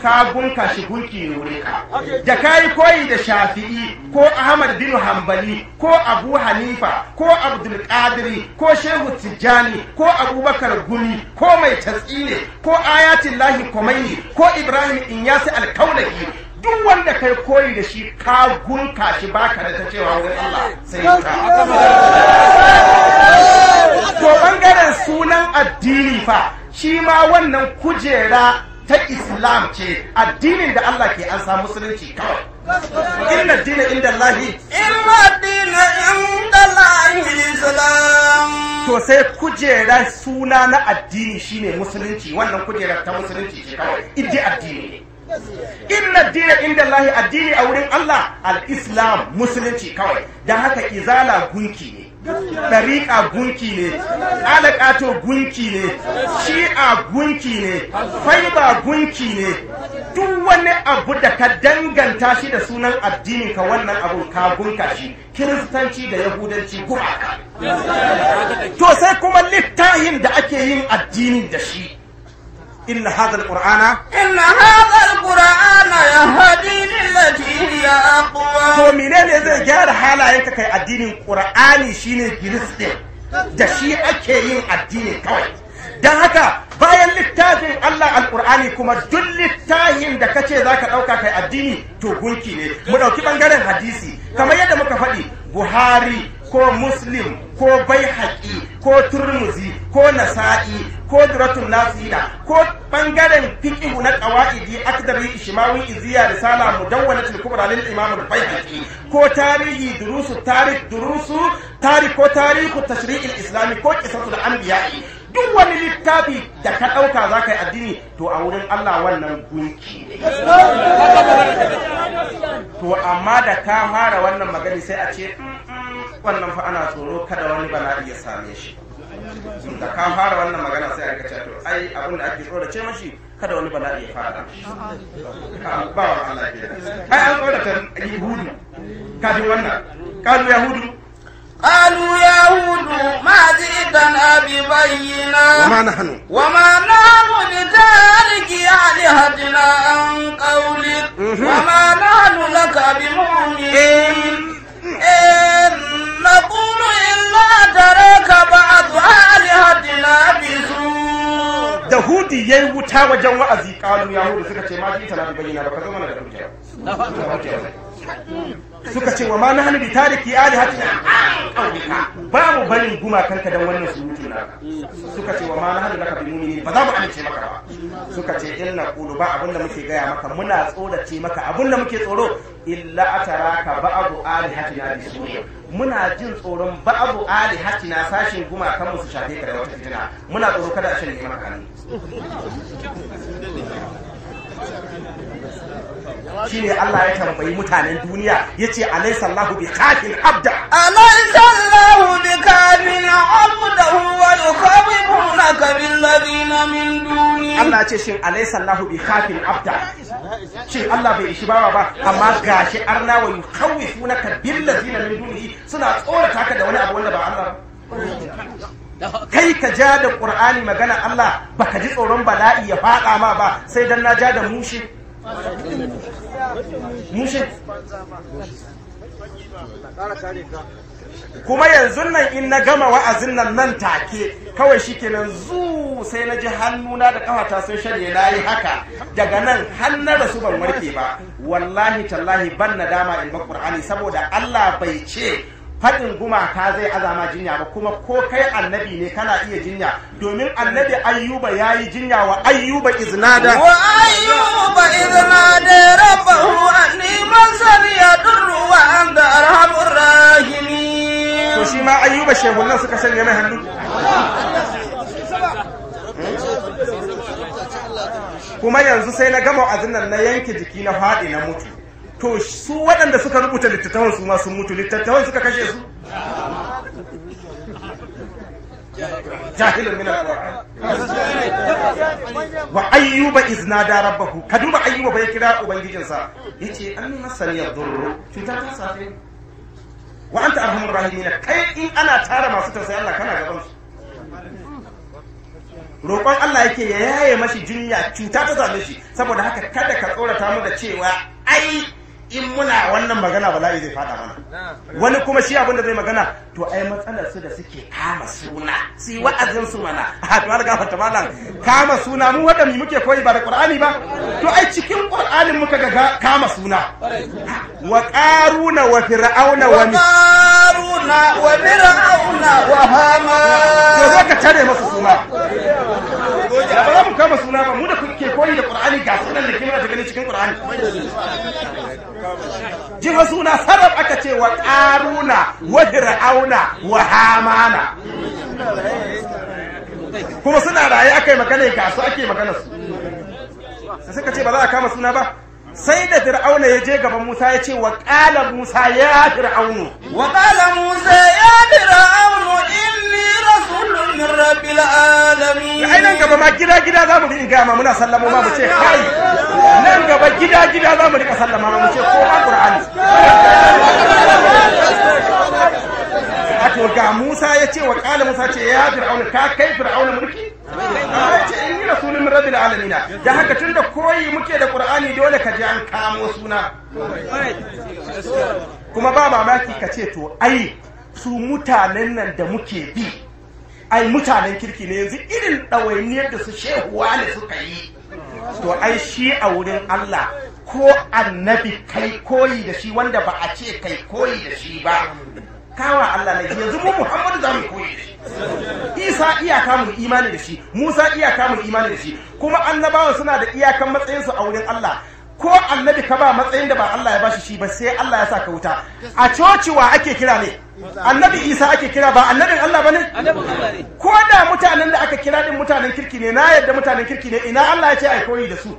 ka gunka shi gunki ne wuri ka da kai koyi da shafi'i ko ahmad bin hanbali ko abu hanifa ko abdul qadiri ko shehu tijjani ko abubakar gumi ko mai tatsine ko ayatin lahi ko ibrahim inyasi alkaulaki duk wanda kai koyi da shi ka gunka shi baka da ta cewa wai Allah sai ka to bangaren sunan addini fa shi ma wannan kujera ta islam ce addinin da Allah ke an samu musulunci kawai inna dina inda lahi. inna dina inda lahi islam to sai kujerar suna na addini shine musulunci wannan kujerar ta musulunci ce kawai iddi addini inna dina inda lahi addini a wurin Allah al-islam musulunci kawai Da haka izala gunki ne ɗariƙa gunki ne alaƙato gunki ne shi'a gunki ne faiba gunki ne duk wani abu da ka danganta shi da sunan addinin ka wannan abu ka gunka shi kiristanci da yahudanci gumaka to sai kuma littahin da ake yin addini da shi إن هذا القرآن إن هذا القرآن يهدي للتي هي أقوى to menene zai gyara halayenka kai addinin Qur'ani shine Kiristi da shi ake yin addini kawai dan haka bayan littafin Allah alkur'ani kuma duk littafin da kace zaka ɗauka kai addini to gunki ne mu ɗauki bangaren hadisi kamar yadda muka faɗi Buhari ko muslim ko baihaqi ko turmuzi ko nasa'i ko duratun nasina ko bangaren fiqhu na ƙawa'idi akdari ishmawi iziya risala mudawwalatul kubra lil imam al-baihaqi ko tarihi durusu tarikh durusu tarikh ko tarihu tashri'il islami ko qisatul anbiya'i duk wani littafi da ka ɗauka za ka yi addini to a wurin Allah wannan gunki to amma da ka fara wannan magani sai a ce mm, mm, wannan fa ana tsoro kada wani bala'i ya same shi da ka fara wannan magana sai a ce to ai abin da ake tsorace mashi kada wani bala'i ya fara ba wa Allah ai an tsorata yahudu kafin wannan kalu yahudu قالوا يا هود ما جئتنا ببينا وما نحن وما نحن بتارك آلهتنا عن قولك وما نحن لك بمؤمنين إن نقول إلا ترك بعض آلهتنا بسوء da hudi ya yi wuta wajen wa'azi kalu ya hudu suka ce ma ji na bayyana ba ka zama na da hujja suka ce wa ma nahnu bi tariki alihatina ba babu barin gumakan ka dan wannan surutu na suka ce wa ma nahnu laka bi mu'minin ba za mu amince maka ba suka ce in na qulu ba abinda muke gaya maka muna tsorace maka abinda muke tsoro illa ataraka ba'du alihatina bi surutu muna jin tsoron ali alihatina sashin gumakan mu su shafe ka da wata fitina muna tsoro kada a shanye maka ne shine Allah ya tambayi mutanen duniya yace alaysa Allahu bi kafin abda alaysa Allahu bi kafin abda wa yukhawwifunaka bil ladina min duni Allah ce shin alaysa Allahu bi kafin abda shi Allah bai ishi bawa ba amma gashi arna wa yukhawwifunaka bil ladina min duni suna tsorata ka da wani abu wanda ba Allah ba kai ka ja da ƙur'ani magana Allah baka ji tsoron bala'i ya faɗa ma ba sai dan na ja da mushi mushe kuma yanzu nan in na gama wa'azin nan nan take kawai shikenan zu sai na ji hannuna da kafata sun shanye na yi haka daga nan hannar da su ban warke ba wallahi tallahi ban na dama in ba qur'ani saboda Allah bai ce faɗin gumaka zai azama jinya ba kuma ko kai annabi ne kana iya jinya domin annabi ayyuba ya yi jinya wa ayyuba iznada wa ayyuba iznada rabbahu anni masar ya durru wa da arhamun rahimi to shi ma ayyuba shehun suka sanya mai hannu kuma yanzu sai na gama wa'azin nan na yanke jiki na faɗi na mutu to su waɗanda suka rubuta littattafan su masu mutu littattafan suka kashe su jahilun min wa ayyuba izna da rabbahu ka duba ayyuba bai kira ubangijinsa yace an nuna saniyar zurru cuta ta safe wa anta arhamur na kai in ana tara masu tausayi Allah kana gaban su roƙon Allah yake ya yaye mashi jinya cuta ta zabe shi saboda haka kada ka tsorata mu da cewa ai in muna wannan magana ba zai fada mana wani kuma shi abin da zai magana to ai matsalar su da suke kama suna su yi wa'azin su mana a to alga fata malam kama suna mu wanda mu muke koyi ba da qur'ani ba to ai cikin qur'anin muka ga kama suna wa qaruna wa fir'auna wa qaruna wa fir'auna wa hama to ka tare masa suna ba za mu kama suna ba mu da kuke koyi da qur'ani ga sunan da kimanta gani cikin qur'ani jiha suna sarraf aka ce wa ƙaruna wa fir'auna wa hamana kuma suna raye aka yi magana ga su ake magana su da suka ce ba za a kama suna ba sai da fir'auna ya je gaban Musa ya ce wa ƙala Musa ya fir'aunu wa ƙala Musa ya fir'aunu inni rasulun min rabbil alamin ai nan gaba ma gida gida za mu dinga ma muna sallamo ma mu ce kai nan gaba gida gida za mu rika sallama mu ce ko a ƙur'ani wato ga Musa ya ce wa kala Musa ce ya Fir'auna ka kai Fir'auna mulki ya ce in yi rasulun rabbil alamina da haka tunda koyi muke da Qur'ani dole ka ji an kamo suna kuma ba mamaki ka ce to ai su mutanen nan da muke bi ai mutanen kirki ne yanzu irin ɗawainiyar da su shehuwa ne suka yi to ai shi a wurin Allah ko annabi kai koyi da shi wanda ba a ce kai koyi da shi ba kawa Allah ne yanzu mu Muhammadu za mu koyi da shi Isa iyaka mu imani da shi Musa iyaka mu imani da shi kuma annabawa suna da iyakan matsayinsu a wurin Allah ko annabi ka ba matsayin da ba Allah ya bashi shi ba sai Allah ya saka wuta a coci wa ake kira ne annabi Isa ake kira ba annabin Allah bane annabin Allah ne ko da mutanen da aka kira din mutanen kirki ne na yadda mutanen kirki ne ina Allah ya ce ai koyi da su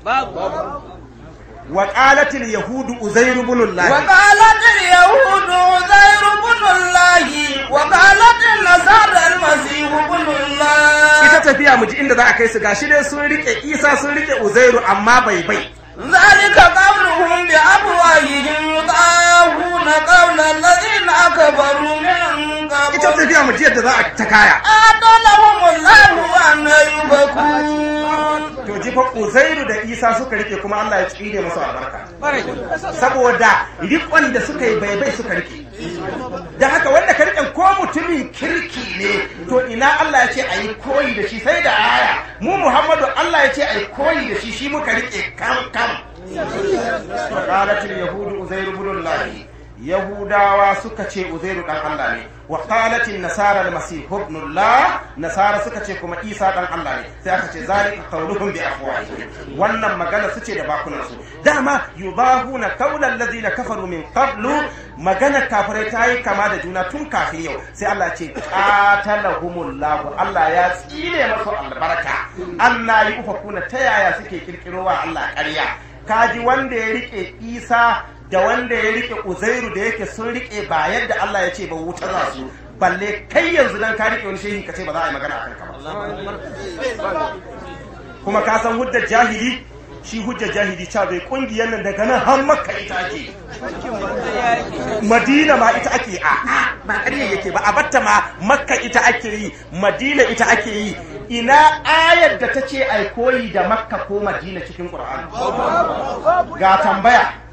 وقالت اليهود عزير بن الله وقالت اليهود عزير بن الله وقالت النصارى المسيح بن الله ita tafiya mu ji inda za a kai su gashi dai sun rike Isa sun rike Uzairu amma bai bai ذلك قولهم بأفواههم يطاهون قول الذين كفروا من قبل ita tafiya mu yadda za a ta kaya adalahum Allahu an yubakun to jifa Uzairu da Isa suka rike kuma Allah ya tsire musu albarka saboda rikon da sukayi bai bai suka rike da haka wanda ka riƙe ko mutumin kirki ne to ina Allah ya ce a yi koyi da shi sai da aya mu Muhammadu Allah ya ce a yi koyi da shi shi muka riƙe kam kam. Sakalatul Yahudu Uzairu Budullahi. yahudawa suka ce uzairu dan Allah ne wa qalat nasara al-masih ibn Allah nasara suka ce kuma isa dan Allah ne sai aka ce zalika qawluhum bi afwahihim wannan magana suce da bakunan su dama yubahuna qawla alladhina kafaru min qablu magana kafirai ta yi kama da juna tun kafin yau sai Allah ce qatalahumullahu Allah ya tsire masu albarka Allah yi kuna ta yaya suke kirkirowa Allah ƙarya kaji wanda ya riƙe isa da wanda ya rike uzairu da yake sun rike ba yadda Allah ya ce ba wutar za su balle kai yanzu dan ka rike wani shehi ka ce ba za a yi magana akan ka ba kuma ka san hujjar jahili shi hujjar jahili ca bai kungiyar nan daga nan har makka ita ake madina ma ita ake a ba ƙarya yake ba a batta ma makka ita ake yi madina ita ake yi ina ayar da ta ce ai da makka ko madina cikin ƙur'ani ga tambaya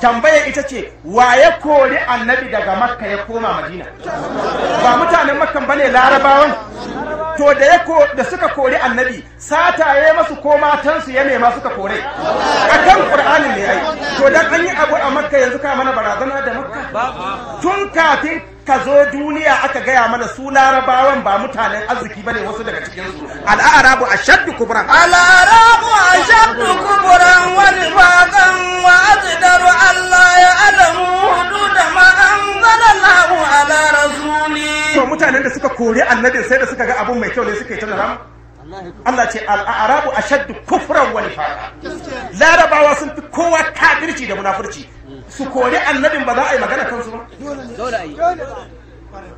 tambaya ita ce wa ya kori annabi daga makka ya koma madina ba mutanen makka ba ne larabawan to da ya da suka kori annabi sata ya masu ko matansu ya nema suka kore akan qur'anin ne ai to dan an yi abu a makka yanzu ka mana barazana da makka tun kafin ka zo duniya aka gaya mana su larabawan ba mutanen arziki bane wasu daga cikin su al'arabu ashaddu kubran al'arabu ashaddu kubra wa nifaqan wa azdaru Allah ya alamu hudud ma anzalallahu ala rasuli to mutanen da suka kore annabin sai da suka ga abun mai kyau ne suka yi ta narama Allah ce al'arabu a shaddu kufran wani fara larabawa sun fi kowa kafirci da munafurci su kori annabin ba za a yi magana kansu ba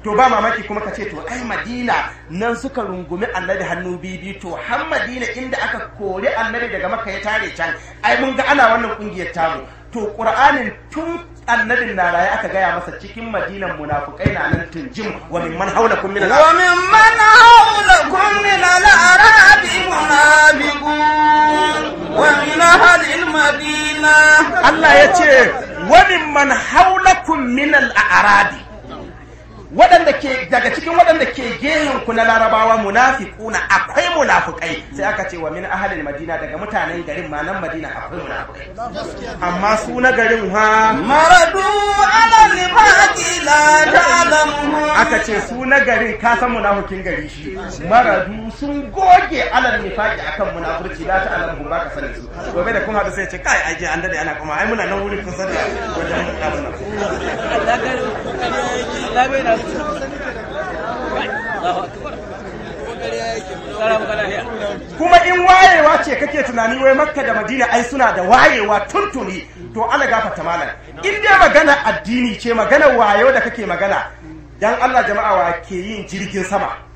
to ba mamaki kuma ka ce to ai madina nan suka rungumi annabi hannu bibi to har madina inda aka kori annabi daga maka ya tare can ai mun ga ana wannan kungiyar tamu to qur'anin tun annabin na raye aka gaya masa cikin madinan munafukai na nan tunjin wa min man haula kum min al wa min man haula kum min al arabi munafiqun wa min ahli al madina Allah yace wa min man haula kum min al arabi waɗanda ke daga cikin waɗanda ke geyinku na larabawa munafiquna akwai munafukai sai aka ce wa min ahalin madina daga mutanen garin ma nan madina akwai munafukai amma su na garin ha maradu ala libaqi la ta'lamu aka ce su na garin ka san munafukin gari shi maradu sun goge ala nifaqi akan munafurci la ta'lamu ba ka sani su gobe da kuma da sai ce kai aje an dade ana kuma ai muna nan wuri kusa da wajen munafuka kuma in wayewa ce kake tunani wai makka da madina ai suna da wayewa tuntuni to ala gafata malam in dai magana addini ce magana wayo da kake magana dan Allah jama'a wa ke yin jirgin sama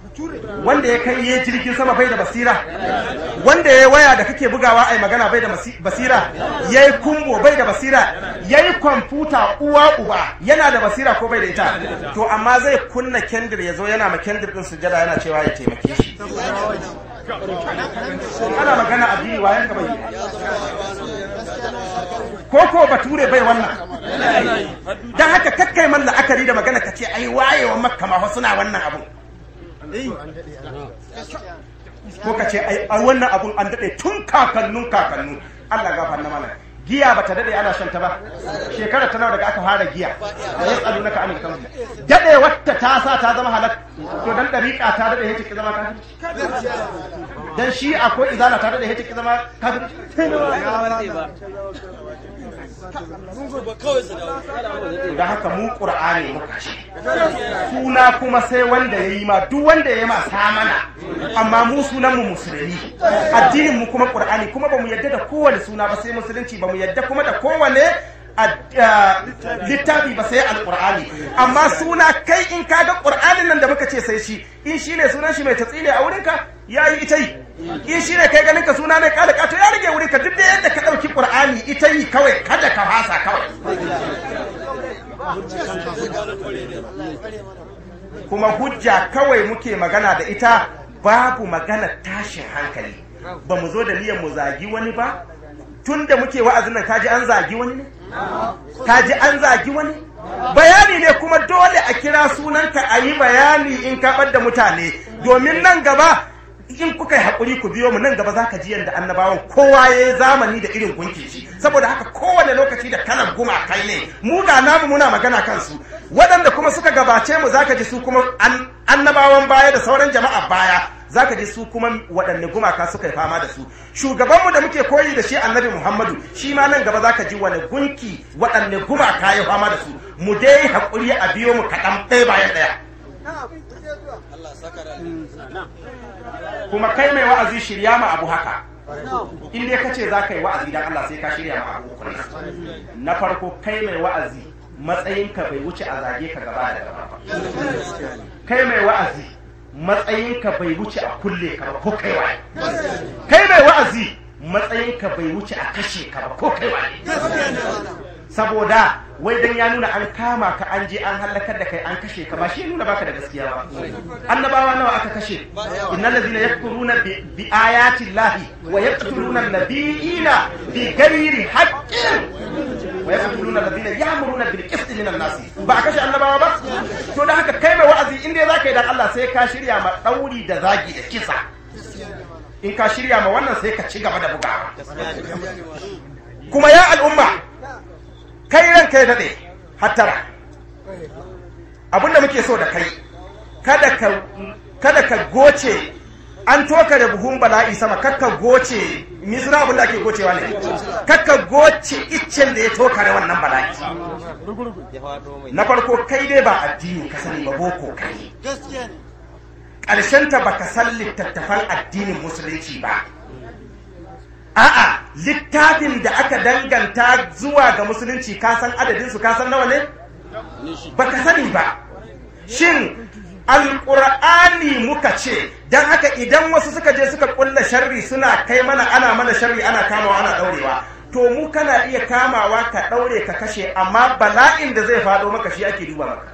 wanda ya kai ya jirgin sama bai da basira wanda ya waya da kake bugawa a magana bai da basira ya yi kumbo bai da basira ya yi kwamfuta uwa uba yana da basira ko bai da ita to amma zai kunna kendir ya zo yana ma kendir din sujada yana cewa ya taimake shi ana magana addini wayan ka bai ko ko bature bai wannan dan haka kakkai man la'akari da magana ka ce ai wayewa makka ma suna wannan abu ko ka ce ai wannan abun an daɗe tun kakannin kakannu Allah gafa na malam giya ba ta dade ana shan ta ba shekara ta nawa daga aka fara giya yi tsaro na ka anil kamar dade wata ta sa ta zama halak to dan dariƙa ta dade ya ki zama kafir dan shi a ko Izana ta dade ya ki zama kafir da haka mu ƙur'ani muka suna kuma sai wanda ya yi ma duk wanda ya yi ma samana amma mu sunan mu musulmi addinin mu kuma ƙur'ani kuma ba mu yadda da kowane suna ba sai musulunci ba mu yadda kuma da kowane littafi ba sai Alƙur'ani. amma suna kai in kaga ƙur'anin nan da muka ce sai shi in shi ne sunan shi mai tatsi a wurinka ya yi ita yi in shi ne kai ganinka suna ne kada ƙato ya rage wurinka duk da yadda ka ɗauki ƙur'ani ita yi kawai kada ka hasa kawai kuma hujja kawai muke magana da ita babu magana tashin hankali ba mu zo da niyyar mu zagi wani ba tun da muke wa'azin nan kaji an zagi wani ne kaji an zagi wani bayani ne kuma dole a kira sunanka a yi bayani in kaɓar da mutane domin nan gaba in kuka yi haƙuri ku biyo mu nan gaba za ka ji yadda annabawan kowa ya yi zamani da irin gunkin shi saboda haka kowane lokaci da kalan guma kai ne mu ga namu muna magana kansu waɗanda kuma suka gabace mu za ka ji su kuma annabawan baya da sauran jama'a baya za ka ji su kuma waɗanne gumaka suka yi fama da su shugabanmu da muke koyi da shi annabi muhammadu shi ma nan gaba za ka ji wani gunki waɗanne gumaka ya fama da su mu dai haƙuri a biyo mu kaɗan ɗaya bayan ɗaya. kuma kai mai wa'azi shirya ma abu haka in dai kace za ka yi wa'azi dan Allah sai ka shirya ma abu kuma na farko kai mai wa'azi matsayinka bai wuce a zage ka gaba da gaba kai mai wa'azi matsayinka bai wuce a kulle ka ba ko kai waye kai mai wa'azi matsayinka bai wuce a kashe ka ba ko kai waye saboda wai dan ya nuna an kama ka an je an halakar da kai an kashe ka ba shi nuna baka da gaskiya ba annabawa nawa aka kashe innal ladina yakfuruna bi ayati llahi wa yaqtuluna nabiyina bi ghairi haqqin wa yaqtuluna alladhina ya'muruna bil qist min an-nas ba kashe annabawa ba to da haka kai mai wa'azi inda zaka yi dan Allah sai ka shirya ma dauri da zagi da kisa in ka shirya ma wannan sai ka ci gaba da bugawa kuma ya al'umma kai ranka ya daɗe hattara abinda muke so da kai kada ka goce an toka da buhun bala'i sama kakka goce misra abin da ake gocewa ne kakka goce iccen da ya toka da wannan bala'i na farko kai dai ba addini ka sani ba boko kai ƙarshenta ba ka san littattafan addinin musulunci ba a'a littafin da aka danganta zuwa ga musulunci kasan adadin su kasan nawa ne baka sani ba shin alƙur'ani muka ce don haka idan wasu suka je suka ƙulla sharri suna kai mana ana mana shari ana kamawa ana ɗaurewa to mu kana iya kamawa ka ɗaure ka kashe amma bala'in da zai faɗo maka shi ake duba maka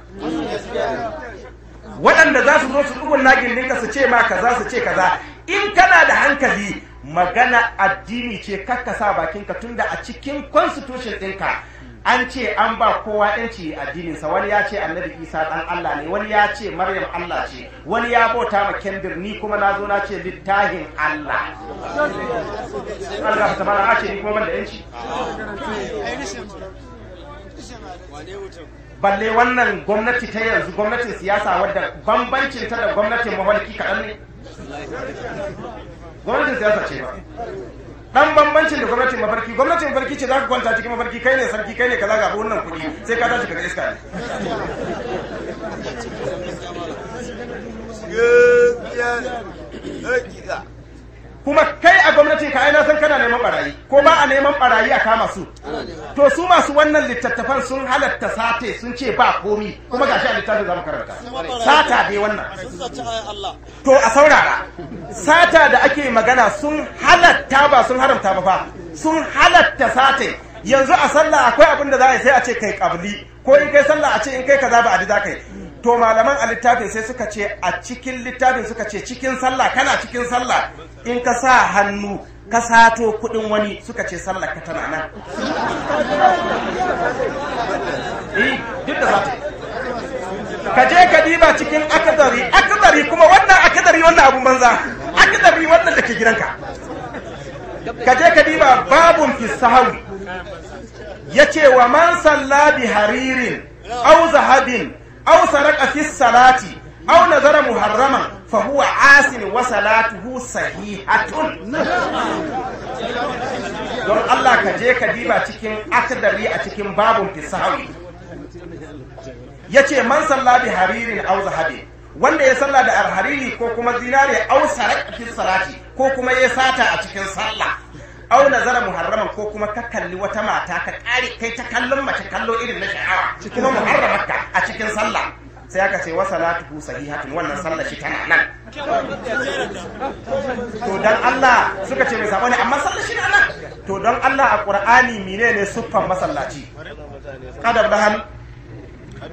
waɗanda za su zo su ɗugun nagin ninka su ce ma kaza su ce kaza in kana da hankali magana addini ce kakka sa bakinka tunda a cikin constitution ɗinka an ce an ba kowa yanci addininsa wani ya ce annabi isa dan allah ne wani ya ce maryam allah ce wani ya bauta ma kendir ni kuma na zo na ce littahin allah allah ta mana ce ni kuma ban da yanci balle wannan gwamnati ta yanzu gwamnatin siyasa wadda bambancin ta da gwamnatin mawalki kaɗan ne gwamnatin siyasa ce ba dan bambancin da gwamnatin mafarki gwamnatin mafarki ce za ka kwanta cikin mafarki kai ne sarki kai ne kaza ga wannan kuɗi sai ka tashi kaga iska ne kuma kai a gwamnati ka aina san kana neman barayi ko ba a neman barayi a kama su to su masu wannan littattafan sun halatta sate sun ce ba komi kuma gashi a littafin zamu karanta sata dai wannan to a saurara sata da ake magana sun halatta ba sun haramta ba sun halatta sate yanzu a sallah akwai abin da za a yi sai a ce kai kabli ko in kai sallah a ce in kai kaza ba a ji za kai to malaman a littafin sai suka ce a cikin littafin suka ce cikin sallah kana cikin sallah in ka sa hannu ka sato kuɗin wani suka ce sallar ka tana nan eh, duk da ka je ka diba cikin akadari akadari kuma wannan akadari wannan abun banza akadari wannan da ke gidanka ka je ka diba babun fi sahawi ya ce wa man salla bi haririn au zahabin au saraka fi salati أو nazara محرما فهو عاسن وصلاته صحيحة salatuhu الله don Allah ka je ka diba cikin akdari a cikin babun fisawi yace man haririn wanda ya salla da alhariri ko kuma zinare sarak sarati sarati ko kuma ya sata a cikin sallah au nazara muharraman ko kuma ka kalli wata mata ka kare kai ta kallon mace kallo irin na sha'awa kuma muharramarka a cikin sallah sai aka ce wa salatuhu sahihatun wannan sallar shi tana nan to don Allah suka ce mai sabo ne amma sallar shi nan to don Allah a Qur'ani menene suffan masallaci kada bahal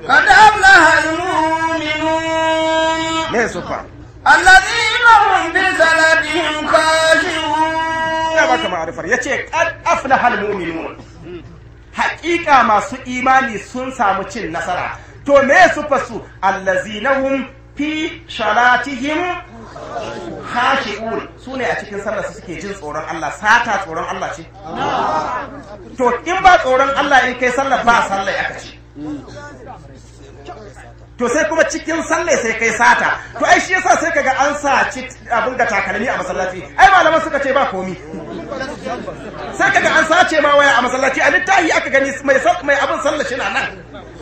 kada ablahal mu'minun ne suffa alladhina hum bi salatihim khashi'un ya baka ma'arifar yace kad aflahal mu'minun Hakika masu imani sun samu cin nasara to me su fasu allazinahum fi salatihim khashi'un su ne a cikin sallar su suke jin tsoron Allah sata tsoron Allah ce to in ba tsoron Allah in kai sallar ba sallar aka ce to sai kuma cikin sallai sai kai sata to ai shi yasa sai kaga an saci abin ga takalmi a masallaci ai malaman suka ce ba komi sai kaga an sace ma waya a masallaci a littafi aka gani mai mai abin sallah shi na nan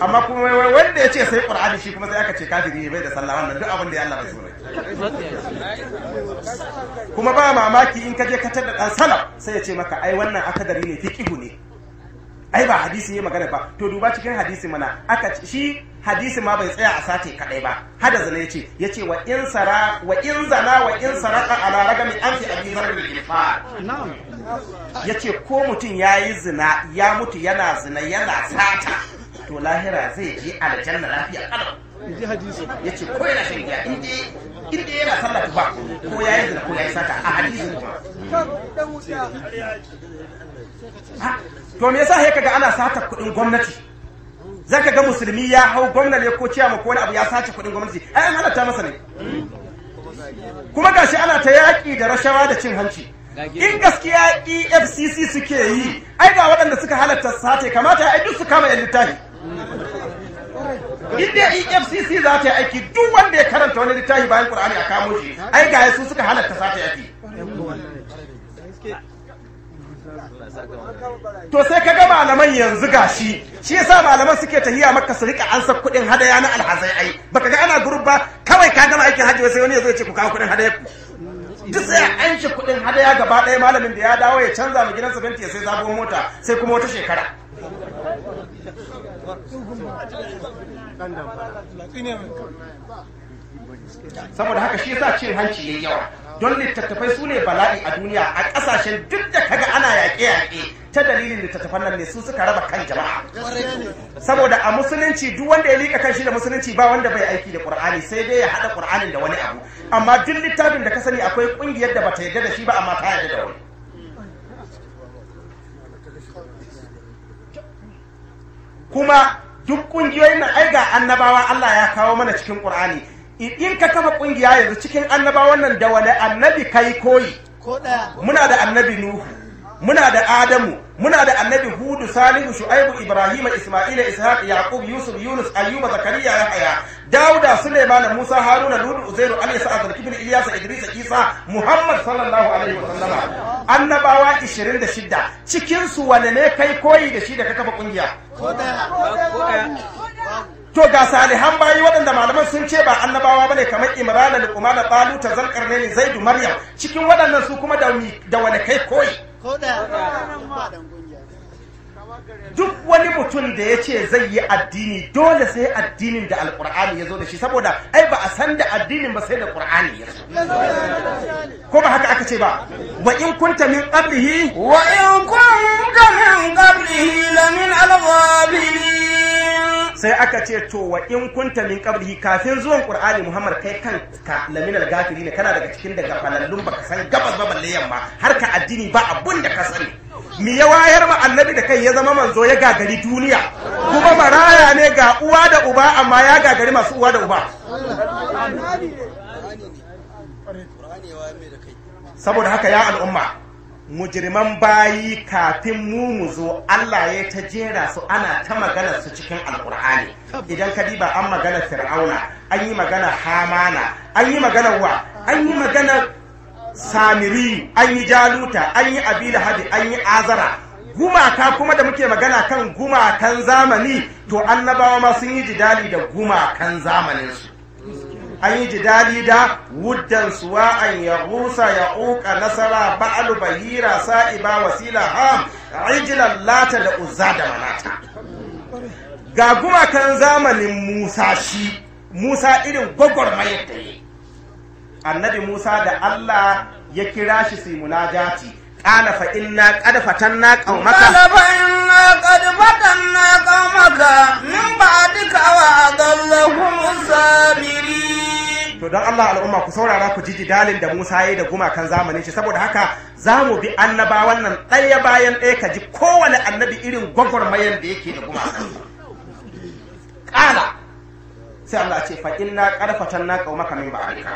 amma kuma wanda ya ce sai qur'ani shi kuma sai aka ce kafiri bai da sallah wannan duk abin da ya Allah bai so kuma ba mamaki in ka je ka tada dan salaf sai ya ce maka ai wannan akadari ne fiqhu ne ai ba hadisi ne magana ba to duba cikin hadisi mana aka shi hadisi ma bai tsaya a sati kadai ba hada zina yace yace wa in sara wa in zana wa in saraka ala ragami an fi abi zarri gifar yace ko mutum yayi zina ya mutu yana zina yana sata to lahira zai je aljanna lafiya kalau ji hadisi yace ko yana shan giya in in dai yana sallata ba ko yayi zina ko yayi sata a hadisi kuma to me yasa haka ga ana sata kudin gwamnati zaka ga musulmi ya hau gwamna ne ko ciyama ko wani abu ya sace kuɗin gwamnati ai an halatta masa ne kuma gashi ana ta yaƙi da rashawa da cin hanci in gaskiya efcc suke yi ai ga waɗanda suka halatta sace kamata ai duk su kama yan littafi in dai efcc za ta yi aiki duk wanda ya karanta wani littafi bayan qur'ani a kamo shi ai ga su suka halatta sace aiki to sai ka ga malaman yanzu gashi shi yasa malaman suke tahiya maka su rika ansa kuɗin hadaya na alhazai ai baka ga ana gurub ba kawai ka gama aikin hajji sai wani ya zo ya ce ku kawo kuɗin hadaya ku duk sai an shi kuɗin hadaya gaba ɗaya malamin da ya dawo ya canza mu gidansa binti ya sai zagon mota sai kuma wata shekara saboda haka shi yasa cin hanci yayi yawa don littattafai su ne bala'i a duniya a kasashen duk da kaga ana yaƙe-yaƙe ta dalilin littattafan nan ne su suka raba kan jama'a saboda a musulunci duk wanda ya liƙa kanshi da musulunci ba wanda bai aiki da ƙur'ani sai dai ya haɗa ƙur'anin da wani abu amma duk littafin da ka sani akwai ƙungiyar da bata yarda da shi ba amma ta yarda da wani kuma duk ƙungiyoyin nan ai ga annabawa Allah ya kawo mana cikin ƙur'ani in ka kafa kungiya yanzu cikin annabawan nan da wani annabi kai koyi muna da annabi nuhu muna da adamu muna da annabi hudu salihu shu'aibu ibrahima isma'ila ishaq yaqub yusuf yunus ayyuba zakariya yahya dauda suleiman musa haruna lulu uzairu ali sa'ad zulkifil ilyas idris isa muhammad sallallahu alaihi wasallama annabawa 26 cikin su wane ne kai koyi da shi da ka kafa kungiya ko to ga salihan bayi waɗanda malaman sun ce ba annabawa bane kamar imrana da kuma da ta zalkar ne zaidu maryam cikin waɗannan su kuma da wani kai koyi duk wani mutum da ya ce zai yi addini dole sai addinin da alkur'ani ya zo da shi saboda ai ba a san da addinin ba sai da qur'ani ya zo ko ba haka aka ce ba wa in kunta min qablihi wa in kunta min qablihi lamin al sai aka ce to wa in kunta min qablihi kafin zuwan qur'ani muhammad kai kan kanka laminal gafiri ne kana daga cikin daga falallun baka san gabas ba balle yamma har ka addini ba abun da ka sani mi ya wayar ma annabi da kai ya zama manzo ya gagari duniya kuma maraya ne ga uwa da uba amma ya gagari masu uwa da uba saboda haka ya al'umma mujirman bayi kafin mu mu zo Allah ya ta jera su ana ta magana su cikin alkur'ani idan ka diba an magana fir'auna an yi magana hamana an yi magana wa an yi magana samiri an yi jaluta an yi abilahadi an yi azara gumaka kuma da muke magana kan gumakan zamani to annabawa ma sun yi jidali da gumakan zamaninsu an yi jidali da wuddan an ya rusa ya uka nasara ba'alu bahira sa'iba wasila ha ajilan lata da uzza da malata ga gumakan zamanin musa shi musa irin gwagwarmayar da yi annabi musa da allah ya kira shi sai munajati قال فإنا قد فتنا قومك قال فإنا قد فتنا قومك من بعدك وأضلهم السامرين to don Allah al'umma ku saurara ku ji jidalin da Musa yayi da gumakan zamanin shi saboda haka zamu bi annabawan nan ɗaya bayan ɗaya ka ji kowane annabi irin gwagwarmayar da yake da gumakan ƙala sai Allah ce fa inna qarfatan na qaumaka min ba'alika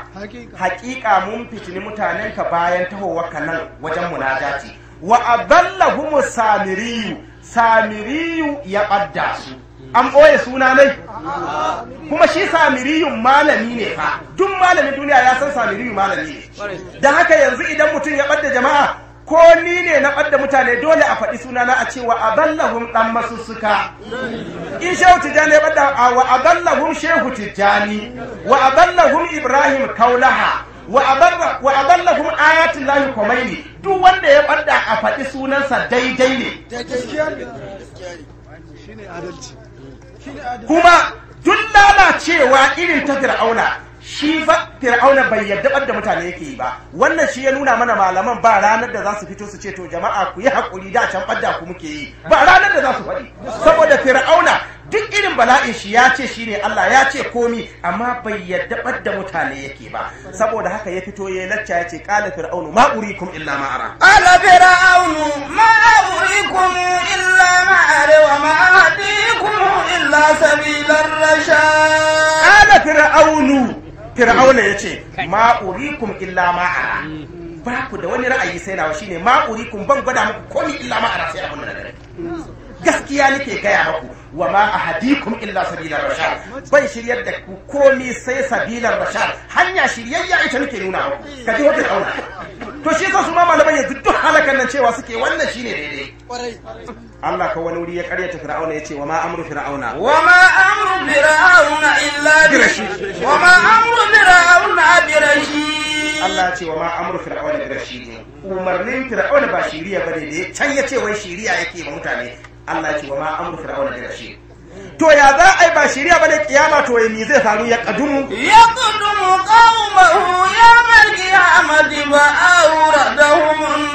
haqiqa mun fitini mutanenka bayan tahowarka nan wajen munajati wa adallahum samiriyu samiriyu ya ɓadda. su an ɓoye suna mai kuma shi samiriyun malami ne fa duk malamin duniya ya san samiriyu malami ne don haka yanzu idan mutum ya ɓadda jama'a ko ni ne na ɓadda mutane dole a faɗi sunana a cewa a ballahun ɗan masussuka in shehu tijjani ya ɓadda wa a shehu tijjani wa a ibrahim kaulaha wa a ballahun ayatul kwamaini duk wanda ya ɓadda a faɗi sunansa daidai ne kuma duk lalacewa irin ta fir'auna shi fa fir'auna bai yadda da mutane yake yi ba wannan shi ya nuna mana malaman ba ranar da za su fito su ce to jama'a ku yi hakuri da can ɓadda ku muke yi ba ranar da za su faɗi saboda fir'auna duk irin bala'in shi ya ce shi ne Allah ya ce komi amma bai yadda da mutane yake ba saboda haka ya fito ya lacca ya ce qala fir'aunu ma urikum illa ma ara qala fir'aunu ma urikum illa ma ara wa ma ahdikum illa sabilar rashad qala fir'aunu fir'auna ya ce ma urikum illa ma ara ba ku da wani ra'ayi sai nawa shine ma urikum ban gwada muku komi illa ma ara sai abun da gaskiya nake gaya maku wa ma ahadikum illa sabilar rashad bai shiryar da ku komi sai sabilar rashad hanya shiryayya ita nake nuna ka ji wata kauna to shi yasa su ma malaman yanzu duk halakan nan cewa suke wannan shine daidai Allah ka wani wuri ya karyata fir'auna ce wa ma amru fir'auna wa ma amru fir'auna illa bi rashid wa ma amru fir'auna bi rashid Allah ce wa ma amru fir'auna birashi. rashidi umarnin fir'auna ba shiriya bane da can yace wai shiriya yake ba mutane Allah ya ce wa ma amru fir'auna da gashi. to ya za a yi ba shirya ba da kiyama to yi zai faru ya kadumu ya kadumu qaumahu ya mal amadi ba da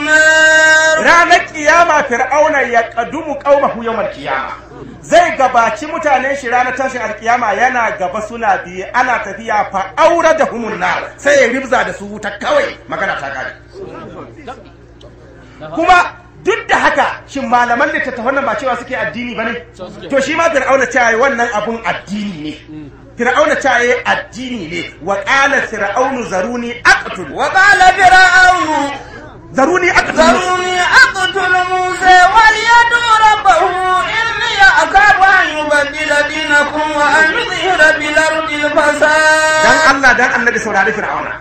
nar ranar kiyama fir'auna ya kadumu qaumahu yawmal qiyama zai gabaci mutanen shi ranar tashin alkiyama yana gaba suna biye ana tafiya fa aura da na sai ya ribza da su wuta kawai magana ta kare kuma duk da haka shin malaman littattafan nan ba cewa suke addini ba ne to shi ma fir'auna ta yi wannan abun addini ne mm. fir'auna ta yi addini ne wa qala fir'aunu zaruni aqtul wa qala fir'aunu zaruni aka zaruni aqtul musa wal yadu rabbahu inni akabu an yubaddila dinakum wa an yuzhira bil ardi dan Allah dan annabi saurari fir'auna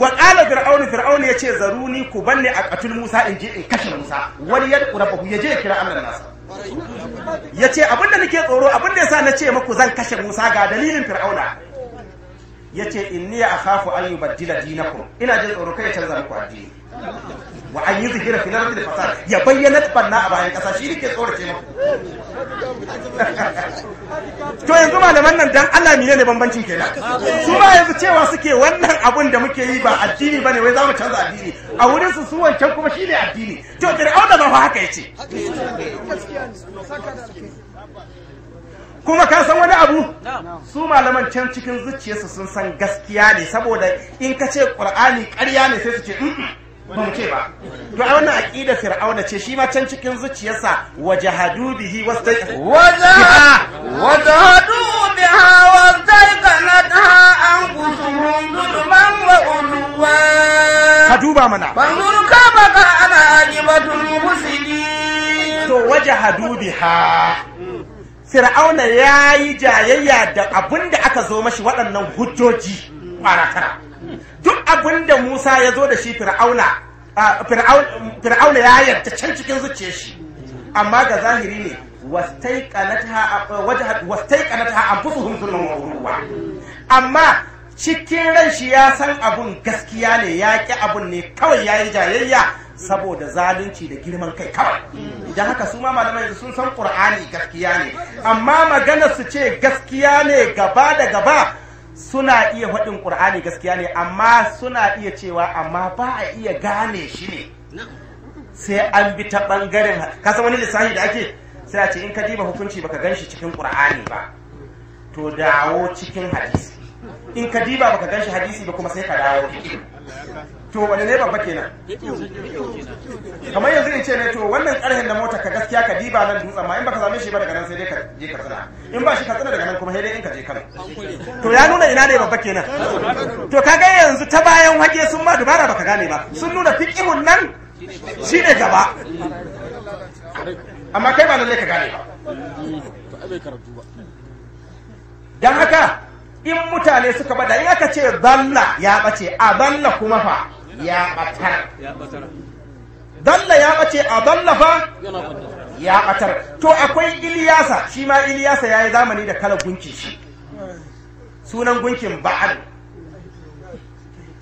wa qala fir'auna fir'auna yace zaruni ku banni aqtul musa in je in kashe musa wal yadu rabbahu yaje ya kira Allah nasa yace abinda nake tsoro abinda yasa nace muku zan kashe musa ga dalilin fir'auna ya ce inni a kafu an yi baddila dinakum ina jin tsoro kai canza muku addini wa an yi zikira fil da ya bayyana banna a bayan kasa shi ke tsorace mu to yanzu malaman nan dan Allah mine ne bambancin kenan su ba yanzu cewa suke wannan abun da muke yi ba addini bane wai za mu canza addini a wurin su su wancan kuma shine addini to fir'auna ba haka yace kuma ka san wani abu su malaman can cikin zuciyarsu sun san gaskiya ne saboda in ka ce qur'ani ƙarya ne sai su ce ba ce ba to a wannan aqida fir'auna ce shi ma can cikin zuciyarsa wajahadu bihi wasta waja wajahadu biha an anfusuhum dulman wa ulwa ka duba mana bangur ka baka ana ajibatu mufsidin to wajahadu biha fir'auna ya yi jayayya da abinda aka zo mashi waɗannan hujjoji kwana tara duk abin da musa ya zo da shi fir'auna fir'auna ya yarda can cikin zuciyar shi amma ga zahiri ne wastaiqanatha anfusuhum zulman wa amma cikin ran shi ya san abun gaskiya ne ya ƙi abun ne kawai ya yi jayayya saboda zalunci da girman kai kawai idan haka su ma malamai sun san ƙur'ani gaskiya ne amma magana su ce gaskiya ne gaba da gaba suna iya faɗin ƙur'ani gaskiya ne amma suna iya cewa amma ba a iya gane shi ne sai an bi ta ɓangaren kasan wani lissafi da ake sai a ce in ka diba hukunci baka gan shi cikin ƙur'ani ba to dawo cikin hadisi in ka diba baka gan shi hadisi ba kuma sai ka dawo to wane ne babba kenan kamar yanzu in ce ne to wannan karhin da mota ka gaskiya ka diba nan dutsen ma in baka same shi ba daga nan sai dai ka je ka tsana in ba shi ka tsana daga nan kuma sai dai in ka je kano to ya nuna ina ne babba kenan to kaga yanzu ta bayan hage sun ma dubara baka gane ba sun nuna fikimun nan shine gaba amma kai ba lalle ka gane ba dan haka in mutane suka bada in aka ce zalla ya bace a zalla kuma fa ya batar dalla ya bace a dalla fa ya ɓatar. to akwai iliyasa shi ma iliyasa ya yi zamani da kalar gunki shi sunan gunkin ba'al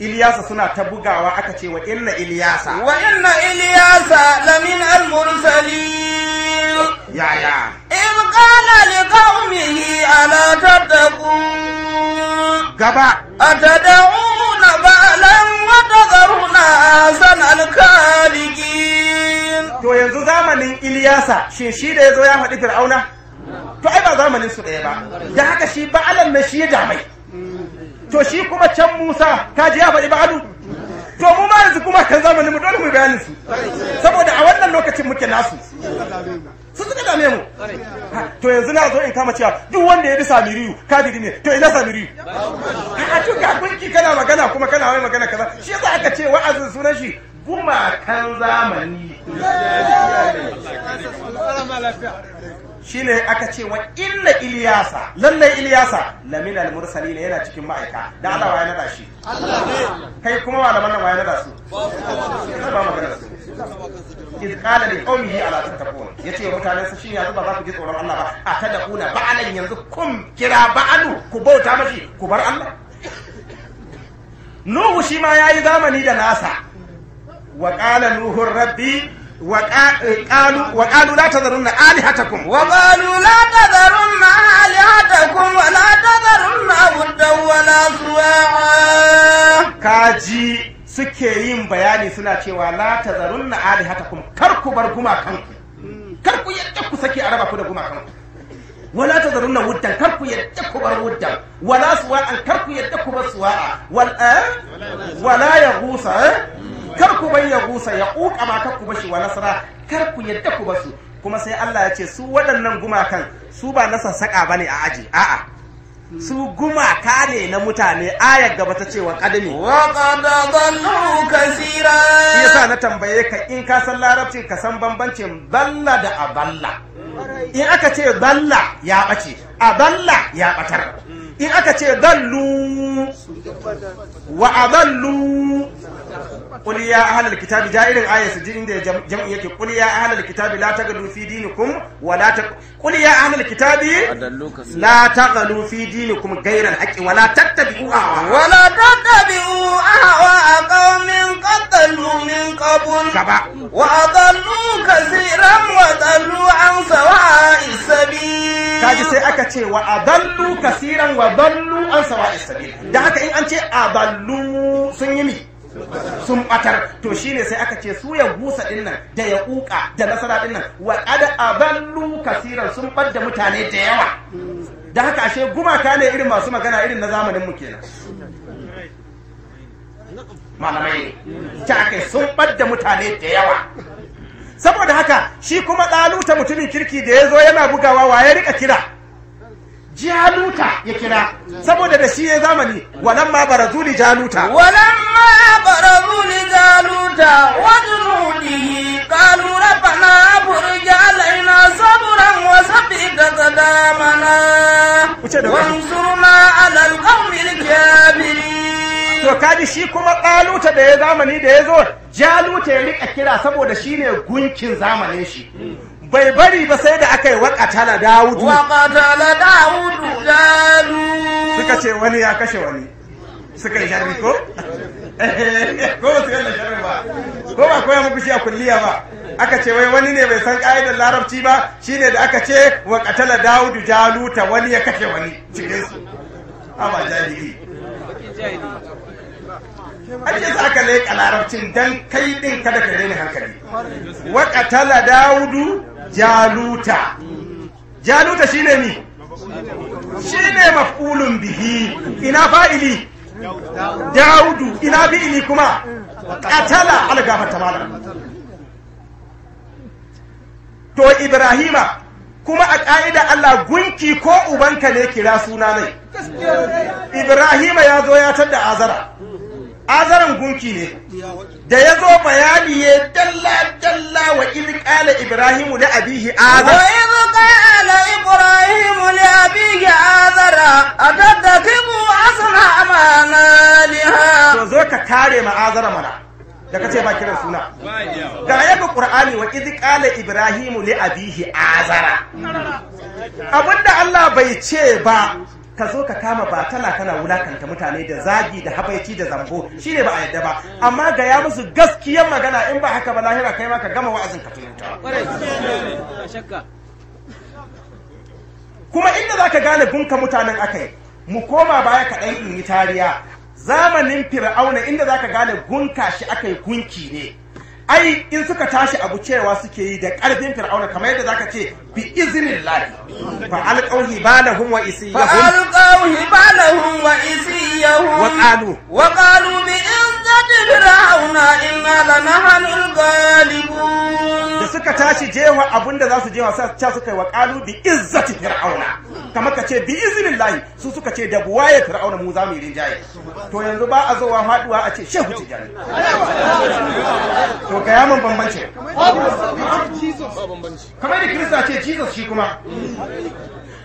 Iliyasa suna ta bugawa aka ce wa inna Iliyasa. Wa inna Iliyasa lamin al ya Yaya. In qala li qaumihi ala tattaqun. Gaba. Atad'una ba قليلا وتذرون أحسن الخالقين to yanzu zamanin Iliyasa shi shi da ya zo ya faɗi Fir'auna to ai ba zamanin su ɗaya ba da haka shi ba'alan ne shi ya damai to shi kuma can Musa ji ya faɗi ba'alu to mu ma yanzu kuma kan zamanin mu dole mu bayanin su saboda a wannan lokacin muke nasu sun suka dame mu to yanzu na zo in kama cewa duk wanda ya bi samiriyu kafiri ne to ina samiriyu a tun ga kana magana kuma kana wai magana kaza shi yasa aka ce wa'azin sunan shi gumakan zamani shine aka ce wa inna iliyasa lalle iliyasa lamin al-mursalin yana cikin ma'aika da Allah ya na shi Allah ne kai kuma malaman nan ya nada su ba magana su iz qala li qaumihi ala tattaqun yace wa mutanen su shin yanzu ba ku ji tsoron Allah ba a tadakuna ba'alan yanzu kun kira ba'alu ku bauta mashi ku bar Allah Nuhu shi ma yayi zamani da nasa wa qala rabbi وقالوا لا تذرن آلهتكم وقالوا لا تذرن آلهتكم ولا تذرن ودا ولا سواعا كاجي suke yin bayani suna cewa la tazarunna alihatakum kar ku bar gumakanku kar ku yadda ku sake a raba ku da gumakanku wala tazarunna wuddan kar ku yadda ku bar wuddan wala suwa'an kar ku yadda ku bar suwa'a wala ya gusa kar ku bai ya gusa ya ƙuƙa ma kar ku bashi wa nasara kar ku yadda ku basu kuma sai Allah ya ce su waɗannan gumakan su ba na sassaƙa ne a aji a'a su gumaka ne na mutane ayar gaba ta cewa ƙadami wa qadadallu kaseera shi yasa na tambaye ka in ka san larabci ka san bambancin balla da a balla in aka ce balla ya ɓace adalla ya batar in aka ce dallu wa adallu Kuli ya ahlal kitabi ja irin ayat su inda jam'i yake qul ya ahlal kitabi la taghlu fi dinikum wa la ta qul ya ahlal kitabi la taghlu fi dinikum ghayra al-haqqi wa la tattabi'u ahwa wa la tattabi'u ahwa qaumin qatalu min qabl wa adallu kaseeran wa dallu an sawa'i sabil kaji sai aka ce wa adallu kasiran wa dallu an sawa sabil da haka in an ce adallu sun yi mi sun batar to shine sai aka ce su ya busa din nan da ya kuka da nasara din nan wa qad adallu kasiran sun bar da mutane da yawa da haka ashe gumaka ne irin masu magana irin na zamanin mu kenan malamai ne ta sun da mutane da yawa saboda haka shi kuma ta mutumin kirki da ya zo yana bugawa wa ya rika kira jaluta ya kira saboda da shi ya zamani wannan ma barazu jaluta wannan ma barazu li jaluta wa junudihi qalu rabbana burj alaina saburan wa sabbit qadamana wansurna alal qawmil kafirin to kaji shi kuma kaluta da ya zamani da ya zo jaluta ya rika kira saboda shine gunkin zamanin shi bai bari ba sai da aka yi tala dawudu tala dawudu jalu suka ce wani ya kashe wani suka yi ko ko ba su yalla sharri ba ko ba koya muku shi a kulliya ba aka ce wai wani ne bai san ƙa'idar larabci ba shine da aka ce tala dawudu jaluta wani ya kashe wani cikin su ba jahili an ce za ka leƙa larabcin don kai ɗin kada ka daina hankali tala dawudu jaluta jaluta shine mi shine maf'ulun bihi ina fa'ili daudu ina fi'ili kuma qatala algafata to ibrahima kuma a ƙa'ida Allah gunki ko ubanka ne kira suna ne ibrahima ya zo ya tadda azara azaran gunki ne da ya zo bayani ya dalla dalla wa in kala ibrahimu li abihi azara. wa in kala ibrahimu li abihi azara A atadakimu asna amana liha to zo ka kare ma azara mana da ka ce ba kiran suna ga yadda ƙur'ani wa iz qala ibrahimu li abihi azara abinda Allah bai ce ba ka zo ka kama batala kana wulakanta mutane da zagi da habaici da zambo Shi ne ba a yadda ba amma ga ya musu gaskiyar magana in ba haka ba lahira kai ma ka gama wa'azin ka tunuta kuma inda za ka gane gunka mutanen akai mu koma baya kaɗai in yi tariya zamanin fir'auna inda za ka gane gunka shi akai gunki ne ai in suka tashi abu cewa suke yi da ƙarfin fir'auna kamar yadda za ka ce bi izinin lahi fa alqaw hibalahum wa isiyahum fa alqaw hibalahum wa isiyahum wa qalu wa qalu bi izzati fir'auna inna lanahnu al-ghalibun da suka tashi jewa abinda za su jewa sai suka yi wa qalu bi izzati fir'auna kamar ka ce bi izinin lahi su suka ce da buwaye fir'auna mu za mu yi rinjaye to yanzu ba a zowa a ce shehu tijani to ga yaman kamar da kirista ce ne jesus shi kuma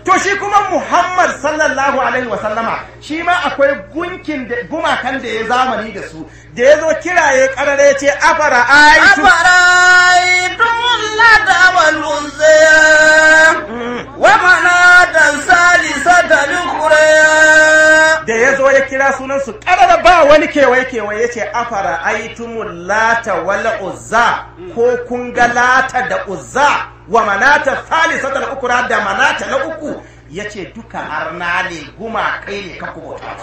to shi kuma muhammad sallallahu alaihi wasallama shi ma akwai gunkin gumakan da ya zamani da su da ya zo kiraye karare ce afara aitu afara aitu lada walun zaya mm. wa mana dan salisa da da ya zo ya kira sunan su karara ba wani kewaye kewaye ce afara aitu lata wal uzza mm. ko kun ga lata da uzza wa manata salisa da ukura da manata na uku ya ce duka arna ne gumakai ne ka kubota